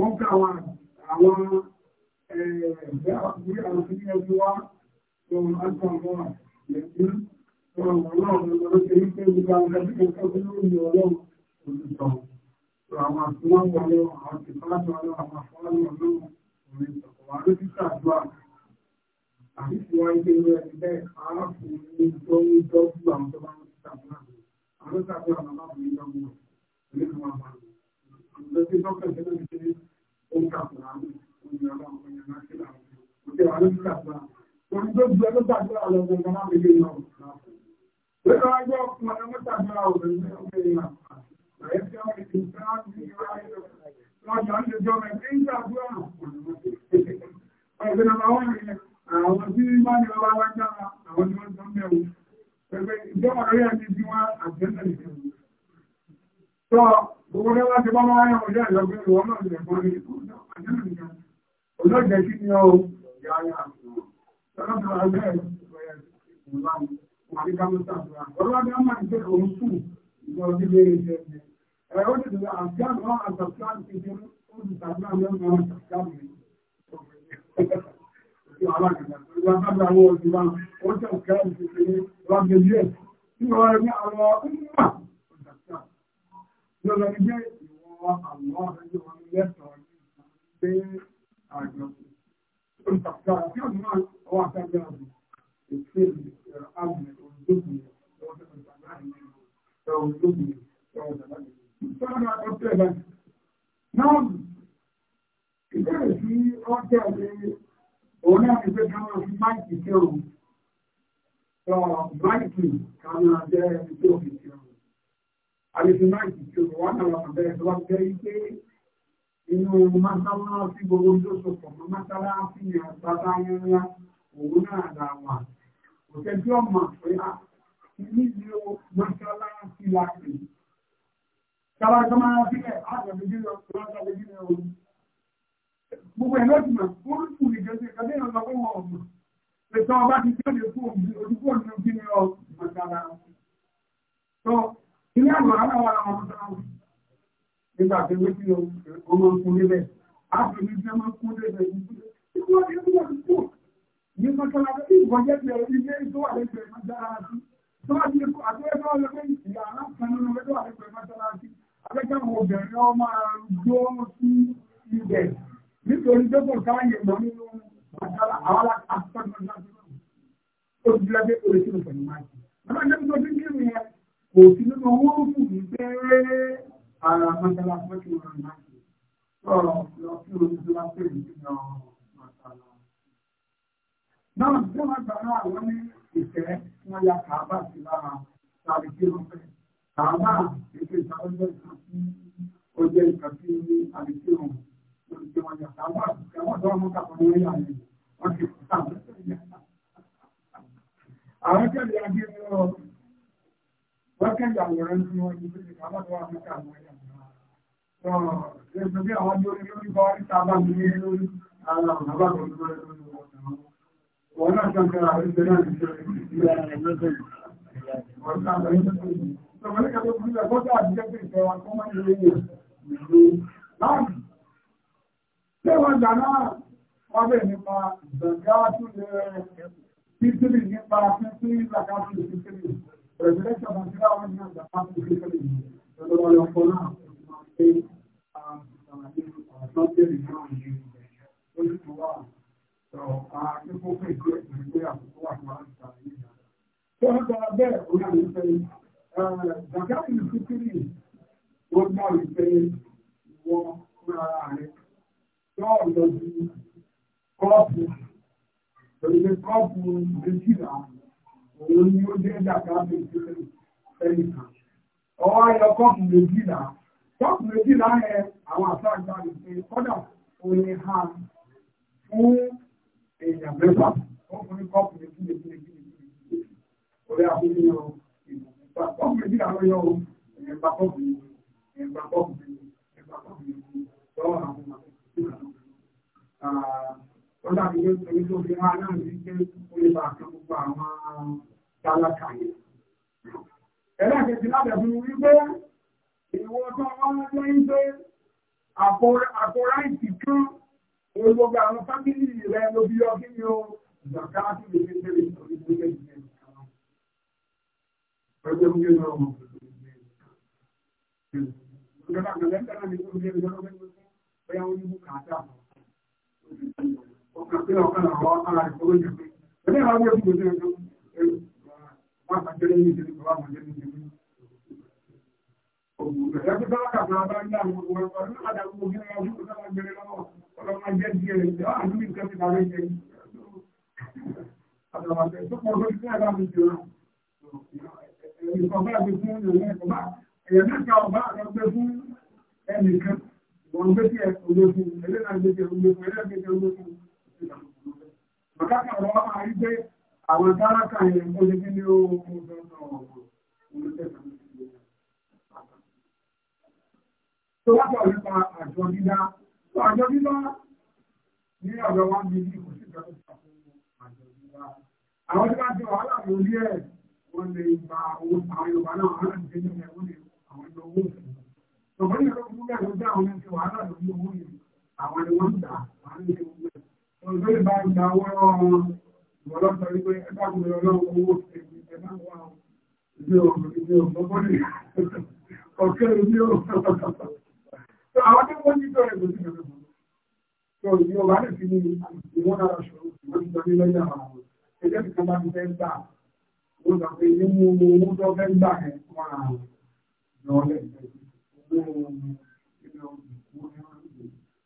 wọ́n gbé àwọn àwọn ẹ̀ẹ́dẹ́ àwọn tí wọ́n fi wá lọ́wọ́ láti àwọn ẹ̀ẹ́dẹ́ wọn wọ́n náà lọ́wọ́ ṣe ń pé gbogbo àwọn ẹgbẹ́ kan tó lórí ọlọ́run òṣìṣọ́ àwọn àtúwọ́n wọlé àwọn tìfáàtọ̀ ọlọ́run àwọn àfọwọ́lọ́ ọlọ́run òṣìṣọ́ wà ló ti ṣàdúrà àti ìwà ilé rẹ̀ bẹ́ẹ̀ arákùnrin ní ìtọ́jú ìtọ́jú àwọn tó bá ń ṣàdúrà àwọn ṣàdúrà bàbá mi lọ́wọ́ lọ́sí dọ́kítà ṣe lórí ṣe ó ń kàkùrà ní ọ̀nà àwọn ọ̀nà láti láàrín òkè wà lóṣù kàkùrà wọn tó gbé ló gbàdúrà lọ gbogbo máa fi lè náà lórí ọjọ́ ọkùnrin ọmọ tàbíra òbí ní ọmọ ìlà àyẹ̀ tí wọ́n ti sá ní ìlà ìlọ lọ́jọ́ ń lójọ́ rẹ̀ ní ìtàdúrà ọ̀gbìn ọmọ wọn yẹn àwọn tí wọ́n ní ọba alágbára àwọn tí wọ́n tó Gbogbo ní wọ́n ti bọ́ máa yàn ọjọ́ ìlọ́gbìn ìwọ̀n náà lè bọ́ ní ìlú náà. Olóòjẹ́ kí ni ó yà á yà àwọn ọ̀rọ̀ àgbẹ̀ ìwọ̀n àti kámọ́sà. Ọ̀rọ̀ àgbẹ̀ máa ń jẹ́ òun sùn ìwọ̀n ọdún lé ẹgbẹ́ ẹgbẹ́. Ẹ̀rọ ti dùn àti àwọn àgbàkúrà ti di olùtàgbà mẹ́rin àwọn àgbàkúrà mi. Ìwọ̀n àgbàkúrà wọn ò ti wá, ó jẹ́ òkè lọ ní pé ìwọ̀n àwọn ọ̀rẹ́jọ́ wọn lẹ́tọ̀ọ́ ní pé àjọ olùtàkùtà tí ọ̀nà máa ọwọ́ àtàgbà àbò ètò ìrọ̀ àbò olùdókòwò lọ́wọ́ tẹ̀lé ìgbàgbà àìyẹn lọ́wọ́ olùdókòwò lọ́wọ́ tẹ̀lé ìgbàgbà àìyẹn. Náà ìbéèrè sí ọjọ́ ìgbẹ́ òun náà ti pé ká máa fi máìkì kí òun. Sọ máìkì ká máa jẹ́ ẹni tí ó fi kí òun àlejò náà ti ṣe wà náà wà bẹ̀rẹ̀ tó wá bẹ̀rẹ̀ pé inú mọ́sálásí gbogbo tó so pọ̀ mọ́ mọ́sálásí yẹn bàbá yẹn ńlá òun náà là wà òtẹ́jú ọmọ pé a ní ìlú mọ́sálásí la pè sábàjọ́ máa sílẹ̀ lọ lágbàdéjì gbogbo ẹ̀ lọ́sùn náà ó ń kú ìjọsìn kàdé ìrànlọ́ fún wọn ọ̀gbọ̀n pẹ̀sọ́ ọba ti tẹ́lẹ̀ fún òdúkú òdúkú òdúkú ní ọ kí ní àmà aláwọ̀ àwọn ọmọdéwọ̀ nígbà tí wọ́n ti ọmọ kún níbẹ̀ á fi ní jẹ́ máa kún níbẹ̀ ìgbọ́n ní ìgbọ́n ní kú ní mọ́tàlá tó ìgbọ́n jẹ́ pé ilé tó wà lẹ́gbẹ̀ẹ́ mọ́tàlá sí tó wà ní àtúwẹ́fẹ́ ọlọ́pẹ́ ìyá aláǹfà nínú lọ́dọ̀ wà lẹ́gbẹ̀ẹ́ mọ́tàlá sí abẹ́jọ́ àwọn obìnrin ọ máa gbó sí ibẹ̀ nítorí dókò káyè mọ́ nínú mọ́tàlá àwọn àtúwẹ́fẹ́ mọ́tàlá sí kò sí nínú owó òkú ní pé ara mọ́tàlá fọ́tí wọn láti sọ̀rọ̀ lọ sí oríṣi láti èyí tí lọ mọ́tàlá. náà tí wọ́n gbà náà wọ́n ní ìfẹ́ wọ́n ya kàábà sí lára tàbí kí wọ́n fẹ́ kàábà ètò ìsàlọ́jọ́ ìkan sí ọjọ́ ìkan sí ní àbí kí wọ́n wọ́n ti wọ́n ya kàábà sí àwọn ọ̀dọ́ ọmọ kàkọ́ ní orí àyè wọ́n ti fún wọ́n kẹ́kẹ́ àwòrán tí wọ́n ti fi ṣe kábàtọ̀ wà níta àwọn ẹ̀yà náà. ṣe sọ pé àwọn lórí lórí bá wọ́n níta bá mi ní lórí ara àwọn àbábọ̀ tó lórí lórí wọn náà. wọ́n náà sọ pé àwọn ìṣẹ́ náà ti ṣe ìṣẹ́ ìṣẹ́ wọ́n náà sọ pé sọ̀rọ̀ nígbà tó kúrò ẹ̀kọ́ tó àdúgbò pé ìṣẹ́ wa kọ́ máa ń lè yẹ ìlú láàbì. ṣé wọ́n gbà náà wọ́n bẹ̀ nípa ìgbàgbá tó lè títírì nípa títírì làkàtúntì títírì Presidente Bandeira hoje da parte pública de mim. Eu não olho a não tem reunião de hoje por Então, a que eu vou fazer, eu a sua o que eu sei, da que eu me o que eu o que eu Então, eu digo, òun ni ó jẹ́ dàgbà méjì ẹnìkan ọwọ́ ayọ kọ́ọ̀pù méjìlá kọ́ọ̀pù méjìlá ẹ àwọn àtàgbà ìpè kọ́dà oyin ha fún èèyàn mẹ́fà ọkùnrin kọ́ọ̀pù méjì méjì méjì méjì orí àfihàn ìgbà mẹ́fà kọ́ọ̀pù méjìlá ló yọ o èèyàn gba kọ́ọ̀pù méjì èèyàn gba kọ́ọ̀pù méjì èèyàn gba kọ́ọ̀pù méjì lọ́wọ́ àwọn ọmọ ó dàbí pé pẹ̀lú tó fi wá náà ní pé ó lè bá àkàn gbogbo àwọn tálákà yẹn. ẹ̀rọ àkẹ́kẹ́ lábẹ́ fún mi pé ìwọ tó wọ́n lé ń pé àkóráìtì kan olùgbogbo àwọn fámìlì rẹ ló bí ọkí ni ó gbàgbá tó lè fi tẹ̀lé ìgbẹ́ ìgbẹ́ bóyá ọkàn tí ọkàn àwọn ará ìṣòro yẹn pé ẹni àwọn ọmọ ìṣòro yẹn tó wọn àtàkẹ́lẹ́ ní ìṣẹ́lẹ̀ tó wà mọ̀ lẹ́nu ìṣẹ́lẹ̀ ògùn ẹ̀yà tó sára kàtà bá ń dá àwọn ọmọ ọmọ àdàkùn ògùn ẹ̀yà tó sára gbẹrẹ lọ́wọ́ ọlọ́mọ jẹ́ díẹ̀ àdúgbò nǹkan ti dàrẹ́ jẹ́ àtàwọn tó pọ̀ lórí sí ẹ̀dá mi jù náà ìkọ̀ọ̀bá ti fún ìrìn ẹ̀kọ́ bá ẹ̀yẹ̀ mẹ́ta ọba àgbẹ̀ fún ẹnìkan ìwọ̀n gbé Màkàkà lọ máa rí pé àwọn tálákà yẹn ó lè ní ohun ọ̀dọ́ ọ̀gbọ̀n tó lápọ̀ nípa àjọ dídá. Tó àjọ dídá ní ọ̀dọ̀ wá ní ní kò sí ìjọba ìpàkùn àjọ dídá. Àwọn tí bá jẹ wàhálà lórí ẹ̀ wọ́n lè gba owó àwọn Yorùbá náà wọ́n láti dénú ẹ̀ wọ́n lè àwọn ẹ̀dọ̀ owó òfin. Tọ̀gbọ́n ní ọ̀dọ́ fún bẹ́ẹ̀ ló jẹ́ àwọn ẹni tí wàhálà lórí owó yìí àwọn ẹni wọ́n ń gbà wọ́n lè gbogbo ẹ̀. Ọjọ́ ìbá ń gba owó lọ́wọ́ wọn, ìwọ̀lọ́pọ̀ wípé ẹgbẹ́ àgbèrè ọlọ́run owó ṣègbè ẹgbẹ́ àwọn àwọn ìdí ọ̀rọ̀ ìdí ọ̀rọ̀ mọ́bọ́lì. Ọ̀kẹ́ ìdí ọ̀rọ̀. Àwọn tí wọ́n ní tọ́rẹ̀ ló ti gbẹ̀rẹ̀ mọ́. Sọ ìdí ọba lè fi ní ìwọ́n ara ṣòro wọ́n ti gbọ́ ní lọ́yà àwọn. Ẹgbẹ́ ti kan bá ti fẹ́ gbà. Wọ́n sọ pé nínú owó tó fẹ́ gbà ẹ̀ fún àwọn ìjọ ọlẹ́ ìgbẹ́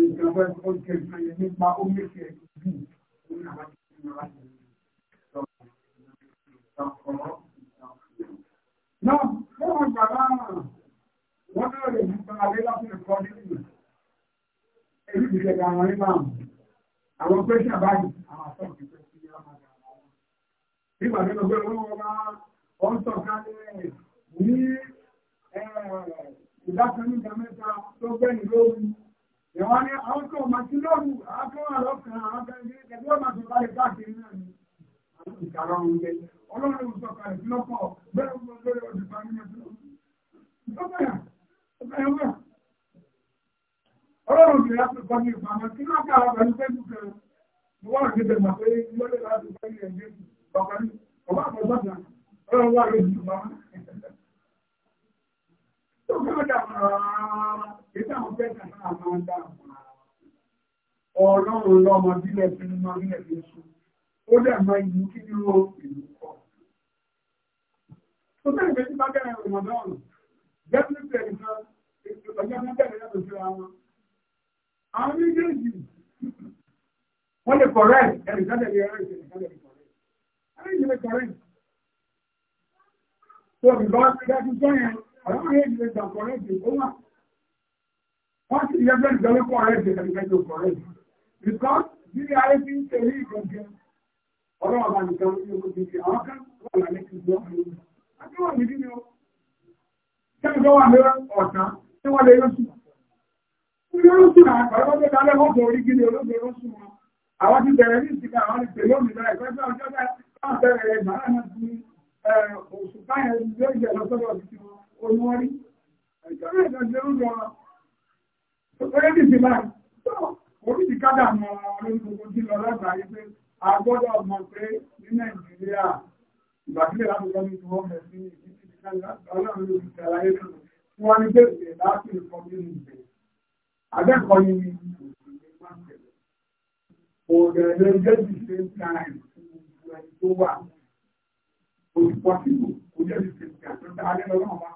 ìjọba ẹ̀kọ́ jẹ̀gbọ́n yẹn nípa ó mèsì ẹ̀kọ́ bí òun àwọn ti máa ń Náà, fún ọgbà láàrín, wọ́n bẹ̀rẹ̀ nípa abẹ́láfún ẹ̀kọ́ nínú èyí ti ṣẹ̀dá àwọn nípa àwọn pẹ́ṣẹ̀ àbáyìí àwọn àtọ́kì pẹ́ sí ilé ọmọ àgbà wọn. Nígbà tí ọgbẹ́ olówó bá ọ́n ní ìdákanú ìdámẹ́ta tó gbẹ̀yìn lórí Ìwọ́n ni àwọn tó máa ti lóòrù, àwọn tó wà lọ́kàn, àwọn tó ń gbé ẹgbẹ́ máa tó bá lè káàkiri náà ni. Àwọn ìkàrà ọ̀hún jẹ. Ọlọ́run ló sọ kalẹ̀ sí lọ́pọ̀, bẹ́ẹ̀ ló gbọ́ lórí ọdún pa nínú ẹgbẹ́. Ọbẹ̀yà, ọbẹ̀yà wà. Ọlọ́run ti láti kọ́ ní ìpamọ́, kí máa kára pẹ̀lú pẹ́lú kan. Mo wà ní ìbẹ̀rẹ̀ pé lọ́lẹ̀ láti kọ́ ní ẹgbẹ́ ọ̀kan ní ọ̀wá àpọ̀ tó kọ́ dà rárá ètò àwọn tẹ́tà náà máa ń dà rárá ọlọ́run lọ́mọ bílẹ̀ fi mọ́ bílẹ̀ fi sùn ó dẹ̀ mọ ìlú kí ní ó ìlú kọ́ tó bẹ́ẹ̀ bẹ́ẹ̀ tí bá bẹ̀rẹ̀ rọmọdọ́ọ̀nù jẹ́bí bẹ̀rẹ̀ kan bẹ̀rẹ̀ yàtọ̀ sí ara wọn àwọn àwọn ọ̀rọ̀ ọ̀la ní ogun ti fi wà lálẹ́ ti gbọ́ àwọn àti ni ó sẹ́ni tó wà ní tí wọ́n lè yọ sùn ní olóṣù wọn àwọn ti bẹ̀rẹ̀ ní olúwárí ẹjọ́ náà ìdájọ́ lóúnjọ ọ̀rẹ́ bí ti máa tó oríṣi kádà mọ lórí gbogbo tí lọ lágbàáyé pé a gbọ́dọ̀ mọ̀ pé ní nàìjíríà ìgbàsílẹ̀ láti lọ́mí tí wọ́n mẹ̀ sí ọlọ́run ló ti ṣàlàyé fún wọn ní bẹ́ẹ̀ láti ìfọ́ bí ní ìbẹ̀ akẹ́kọ̀ọ́ ni ní òdẹ̀rẹ̀ jẹ́ the same time tó wà òṣùpọ̀ sí kò jẹ́ the same time tó dáa lẹ́nu ọlọ́run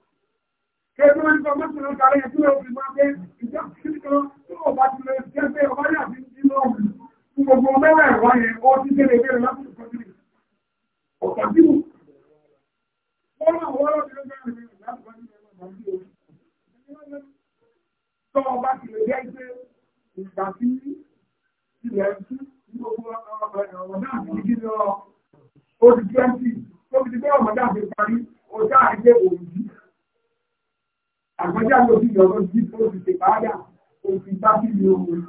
Ẹgbẹ́ ní ọmọ ìṣẹ̀lẹ̀ kárí ẹ̀tún ẹ̀rọ ìgbà pé ìjọ́ kíkọ́ tó ọba ti lè jẹ́ pé ọba yà fi ń jí lọ́wọ́. Gbogbo mẹ́wàá ẹ̀rọ yẹn, ó ti bẹ̀rẹ̀ bẹ̀rẹ̀ láti ìkọ́jú. Ọ̀tà bíbù. Wọ́n náà wọ́n lọ́ọ́ ti lè bẹ̀rẹ̀ bẹ̀rẹ̀ láti ìkọ́jú. Tọ́ ọba ti lè jẹ́ pé ìgbà tí ilẹ̀ ń tú gbogbo ọmọdé àti ìdílé ọ àgbọ́já ló fi yọ̀ lọ́dún tí ó fi ṣe báyà ó fi bá sí ní ohun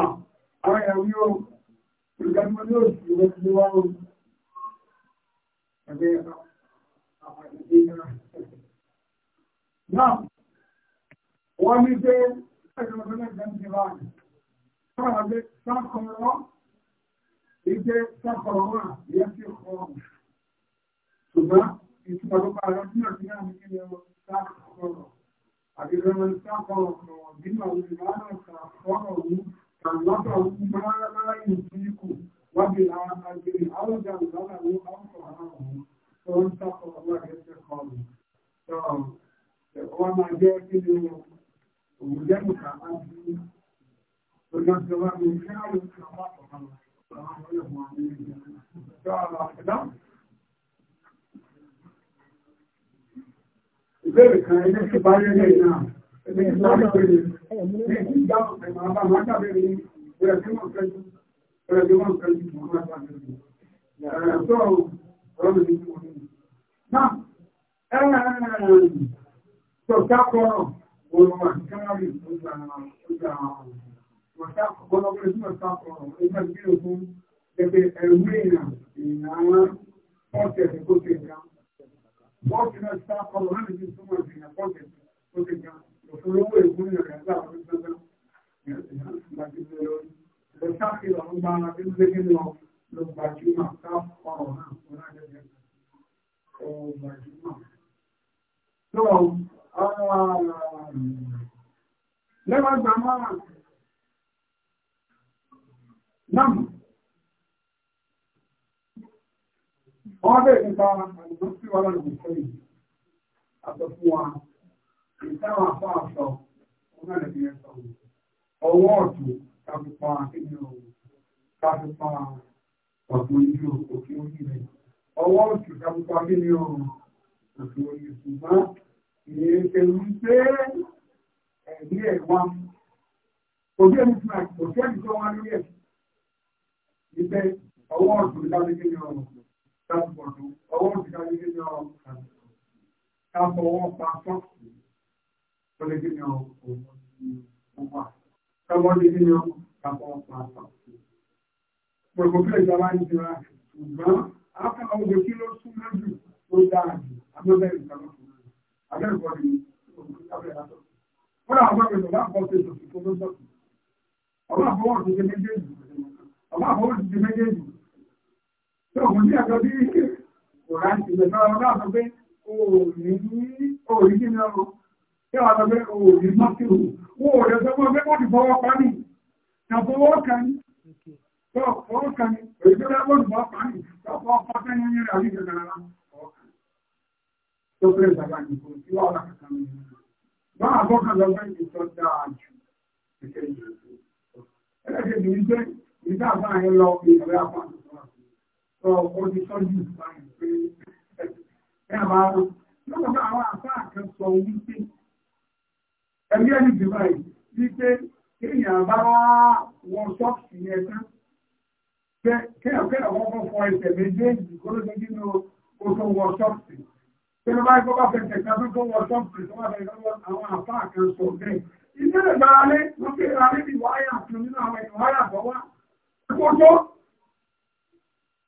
àwọn èèyàn yóò olùgbàgbọ́ yóò sì wọ́n ti wá ohun ẹgbẹ́ náà wọ́n ní pé ẹgbẹ́ ọ̀sán lẹ́gbẹ̀ẹ́ ti bá ní sọ́kọ̀ọ́ ìgbé sáfọ̀rọ̀ wà ìyá sí ọkọ̀ ṣùgbọ́n ìtumọ̀ tó bá rẹ̀ sínú àti náà ní kí ni ó sáfọ̀rọ̀ àbíkẹ́ wọn sáfọ̀rọ̀ ọ̀rọ̀ nínú àwọn ìlànà sáfọ̀rọ̀ ọ̀hún kàlọ́tọ̀ ọ̀hún máa ń dínkù wábi àwọn agbèrè àwùjọ ìlànà ló ọkọ̀ ọ̀hún tó ń sáfọ̀rọ̀ wà rẹ̀ sí ọkọ̀ wọ́n máa jẹ́ kí ni òun jẹ́ nìkan á bí ọjọ́ ìjọba mi fẹ́ràn ló ń sọ Ìbéèrè kan ilé ti bá nílé náà, ẹgbẹ́ ìsìláàmù pẹ̀lú ní ìdáhùn pẹ̀lú àbá máa dábẹ̀rẹ̀ ní ẹ̀rẹ̀ tí wọ́n fẹ́ jù, ẹ̀rẹ̀ tí wọ́n fẹ́ jù wọ́n máa dábẹ̀rẹ̀ jù. Ẹ̀rẹ̀ tó ọ̀rọ̀ mi ní ìwọ̀n ní. Náà, ẹ̀rẹ̀ tó sákọ̀ọ́ òun àti kẹ́rọ̀ Ọ̀pọ̀lọpọ̀ ìgbìmọ̀ sáfọ̀ ẹgbẹ́ ìgbìmọ̀ fún ẹgbẹ́ ẹ̀rù ìrìnà ìnáwó pọ́ọ̀tẹ̀ ẹ̀kọ́ tẹ̀gbà. Pọ́ọ̀tẹ̀ náà sáfọ̀ ọ̀rọ̀ ní ìsúnmọ̀ ìrìnà pọ́ọ̀tẹ̀ ẹ̀kọ́ tẹ̀gbà. Òfurufú ègún ìrìnà ẹ̀gbà àwọn ìgbàgbà. Ìgbàgbà ti lọ ń gba ẹgbẹ́ ìgbìmọ̀ lọ gbajúmọ̀ sáfọ̀ ọ̀rọ̀ náà fún ẹgbẹ́ ìgbìmọ̀. Lọ́wọ́ Náà, wọ́n bẹ̀rẹ̀ nípa àdìgbọ́n sí wọ́n lọ́nà ìṣẹ́lẹ̀ àtọ̀ fún wa, ìtàwọn àfọ́ àṣọ, wọ́n náà lẹ́bí ẹ̀ sọ. Ọwọ́ ọ̀tún tàbípa inú tàbípa ọ̀pọ̀ ojú òkè orí rẹ̀. Ọwọ́ ọ̀tún tàbípa inú òkè orí ṣùgbọ́n ìrìnkè ń gbé ẹ̀rí ẹ̀ wá. Òbí ẹni tí wọ́n wá lórí ẹ̀sìn wípé ọwọ́ ọ̀dùn kájíkí ní ọ̀rùn dábùbọ̀dù ọwọ́ ọ̀dùn kájíkí ní ọ̀rùn káfọ ọwọ́ pa sọ́ọ̀kì tó ní ọ̀rùn ọ̀pá káwọ́ lè ní ọ̀rùn káfọ ọwọ́ pa sọ́ọ̀kì. Gbogbo kí lè jọba ní ṣùgbọ́n afẹ́ ọgbẹ́ kí ló súnmọ́ jù tó dáa jù abẹ́bẹ́ ìjọba Ọlọ́run ó ti méjèèjì. Tí òun ní ẹ̀kọ́ bí òrán ti lè lọ́rọ̀ náà sọ pé òòrùn ní òòrùn ní ọrọ̀. Tí wà sọ pé òòrùn mọ́ sí òòrùn. Wọ́n ò rẹ̀ sọ pé ó ti fọwọ́ pa ní. Ìjọba kan ní. Tọ́ fọwọ́ kan ní. Èyí tó lẹ́gbọ́n ti fọwọ́ pa ní. Tọ́ fọwọ́ pa sẹ́yìn ní rẹ̀ àríkẹ̀ náà. Tó fẹ́ ìjọba Ìgbà àbára yẹn lọ ìyàwó àpá. Sọ ọkọ ti pé ẹ bá wọn. Lọ́wọ́ bá àwọn àpá kan sọ wípé ẹsẹ̀ méjèèjì kó ló ṣe kí ni o tó wọ ṣọ́ọ̀ṣì. Ṣé ló bá yẹ kó bá fẹsẹ̀ kan tó tó wọ ṣọ́ọ̀ṣì tó wà fẹsẹ̀ àwọn àpá kan sọ kójọ́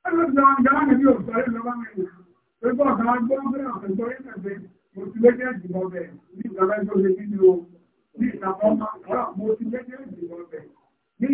ẹlọ́dún àwọn ìjọba mi ní òṣèré lọ́wọ́ mi pẹ̀lú ọ̀gá agbóhùn pé àpẹjọ ìtẹ̀sẹ̀ mo ti lẹ́jẹ́ ìdìbò bẹ̀ ní ìjọba tó lè bí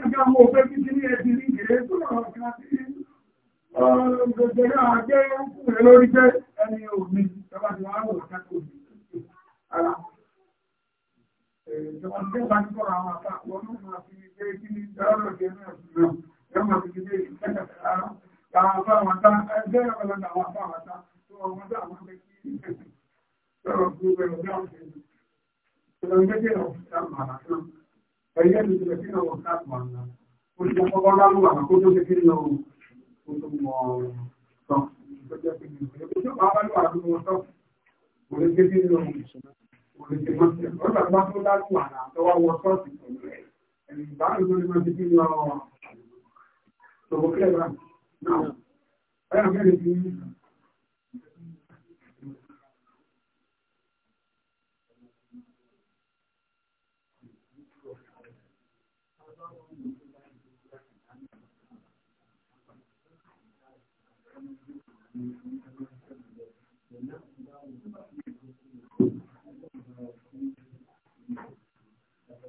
Nígbà mo fẹ́ kí sí ní ẹ̀sìn ní ìrẹ́ tó lọ́rọ̀ kan sí gbẹ̀gbẹ̀rẹ̀ àjẹ́ òkú rẹ̀ lórí jẹ́ ẹni òní ìjọba ti wọ́n wọ̀ kẹ́kọ̀ọ́ ara. Ìjọba ti jẹ́ bá ní kọ́ra àwọn àpá àwọn ọmọ máa fi gbé kí ní ìjọba ti ní ọ̀sùn náà. Ìjọba máa fi gbé ìkẹ́kẹ̀ẹ́ ara. Àwọn àpá àwọn àtá ẹgbẹ́ ọ̀pọ̀lọpọ̀ àwọn àpá àwọn àtá tó ọmọ dá àwọn ọmọ kí ní ìkẹ́kẹ̀ẹ́. Sọ̀rọ̀ gbogbo ẹ̀rọ bí àwọn ọ̀sẹ̀ ẹ̀yẹ́ mi ti lè fi àwọn káàkiri àná ó ti àkọ́kọ́ láwù àná kó tó ṣe kí ni o kó tó mọ tán tó jẹ́ pé mi ò lè tó bá wà lọ́wọ́ àdúgbò tán kò lè ṣe kí ni o kò lè ṣe mọ́ tẹ̀ ọ́ gbàgbá tó láwù àná àtọwọ́ wọ sọ́ọ̀tì pẹ̀lú ẹ̀ ẹ̀yìn ìbáàlú tó lè máa ṣe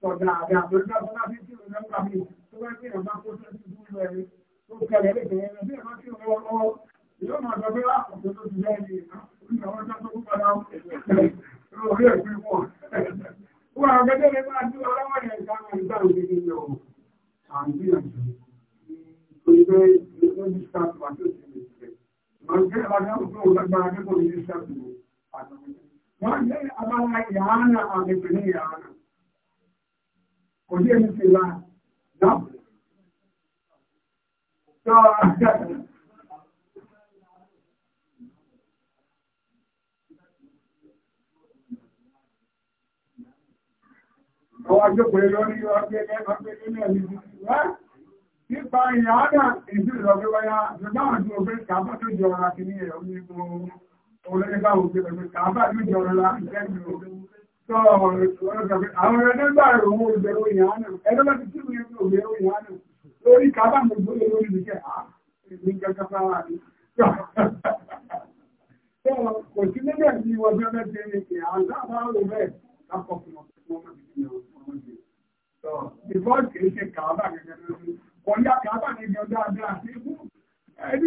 sọ̀dà àbí àbójútó abọ́lá fi kí òun lọ́gbà mi tó bá kí ìrànlá kó tó ti dúró ẹni tó kẹlẹ̀ lè tẹ̀yẹ ẹni bí ìrànlá kí òun lọ́wọ́ lọ́wọ́ yóò máa sọ pé àkọ́kọ́ tó ti lẹ́yìn ìrànlá ọjọ́ tó kú padà orí ẹ̀gbẹ́ wọn. Wọ́n àwọn gẹ́gẹ́ lè máa dúró ọlọ́wọ́ yẹn ìdáná ìdáná gidi lọ àgbéyànjú. Ìgbé ìgbé ní sáàtù àti òṣèlú ìgbẹ́. Wọ́n jẹ́ alága òṣèlú lágbára nípò ní sáàtù àtàwọn. Wọ́n jẹ́ abala ìyáàna àgbègbè ní ìyáàna kò ní ẹni ti la dáàbò. Àwọn àjọpọ̀ lórí ọjọ́ ẹgbẹ́ ọjọ́ ilé ẹ̀mí wá nípa ìyáàdà ìjú ìrọ̀gbé wáyá lọ́gbà àjọ òfin kàábà tó jẹ ọ̀rọ̀ àti ní ẹ̀rọ ní gbogbo olóyẹ́gbà òfin kàábà tó jẹ ọ̀rọ̀ láti ẹ̀mí òfin. Àwọn ẹgbẹ́ gbà rẹ̀ owó ìbẹ̀rù ìyànà, ẹgbẹ́ láti tí mi ẹgbẹ́ òbẹ̀rù ìyànà lórí kábà mọ̀ lórí lórí ìrìnkẹ́ ààrùn ìgbẹ̀kẹ́ fáwà rí. Kò sí lẹ́gbẹ̀ẹ́ ní wọ́n bí ọmọ ẹgbẹ́ ìrìnkẹ́ àwọn àwọn àwọn ọmọ ẹ̀ kápọ̀ fún ọmọ ọmọ ìgbẹ̀rẹ̀. Tọ́ ìfọ́ kìí ṣe kábà gẹ́gẹ́ lórí. Kọ̀ ní àkábà ní ìjọ dáadáa sí ikú. Ẹbí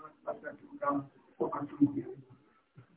àti àti ìgbà ọkàn tó ń gbé.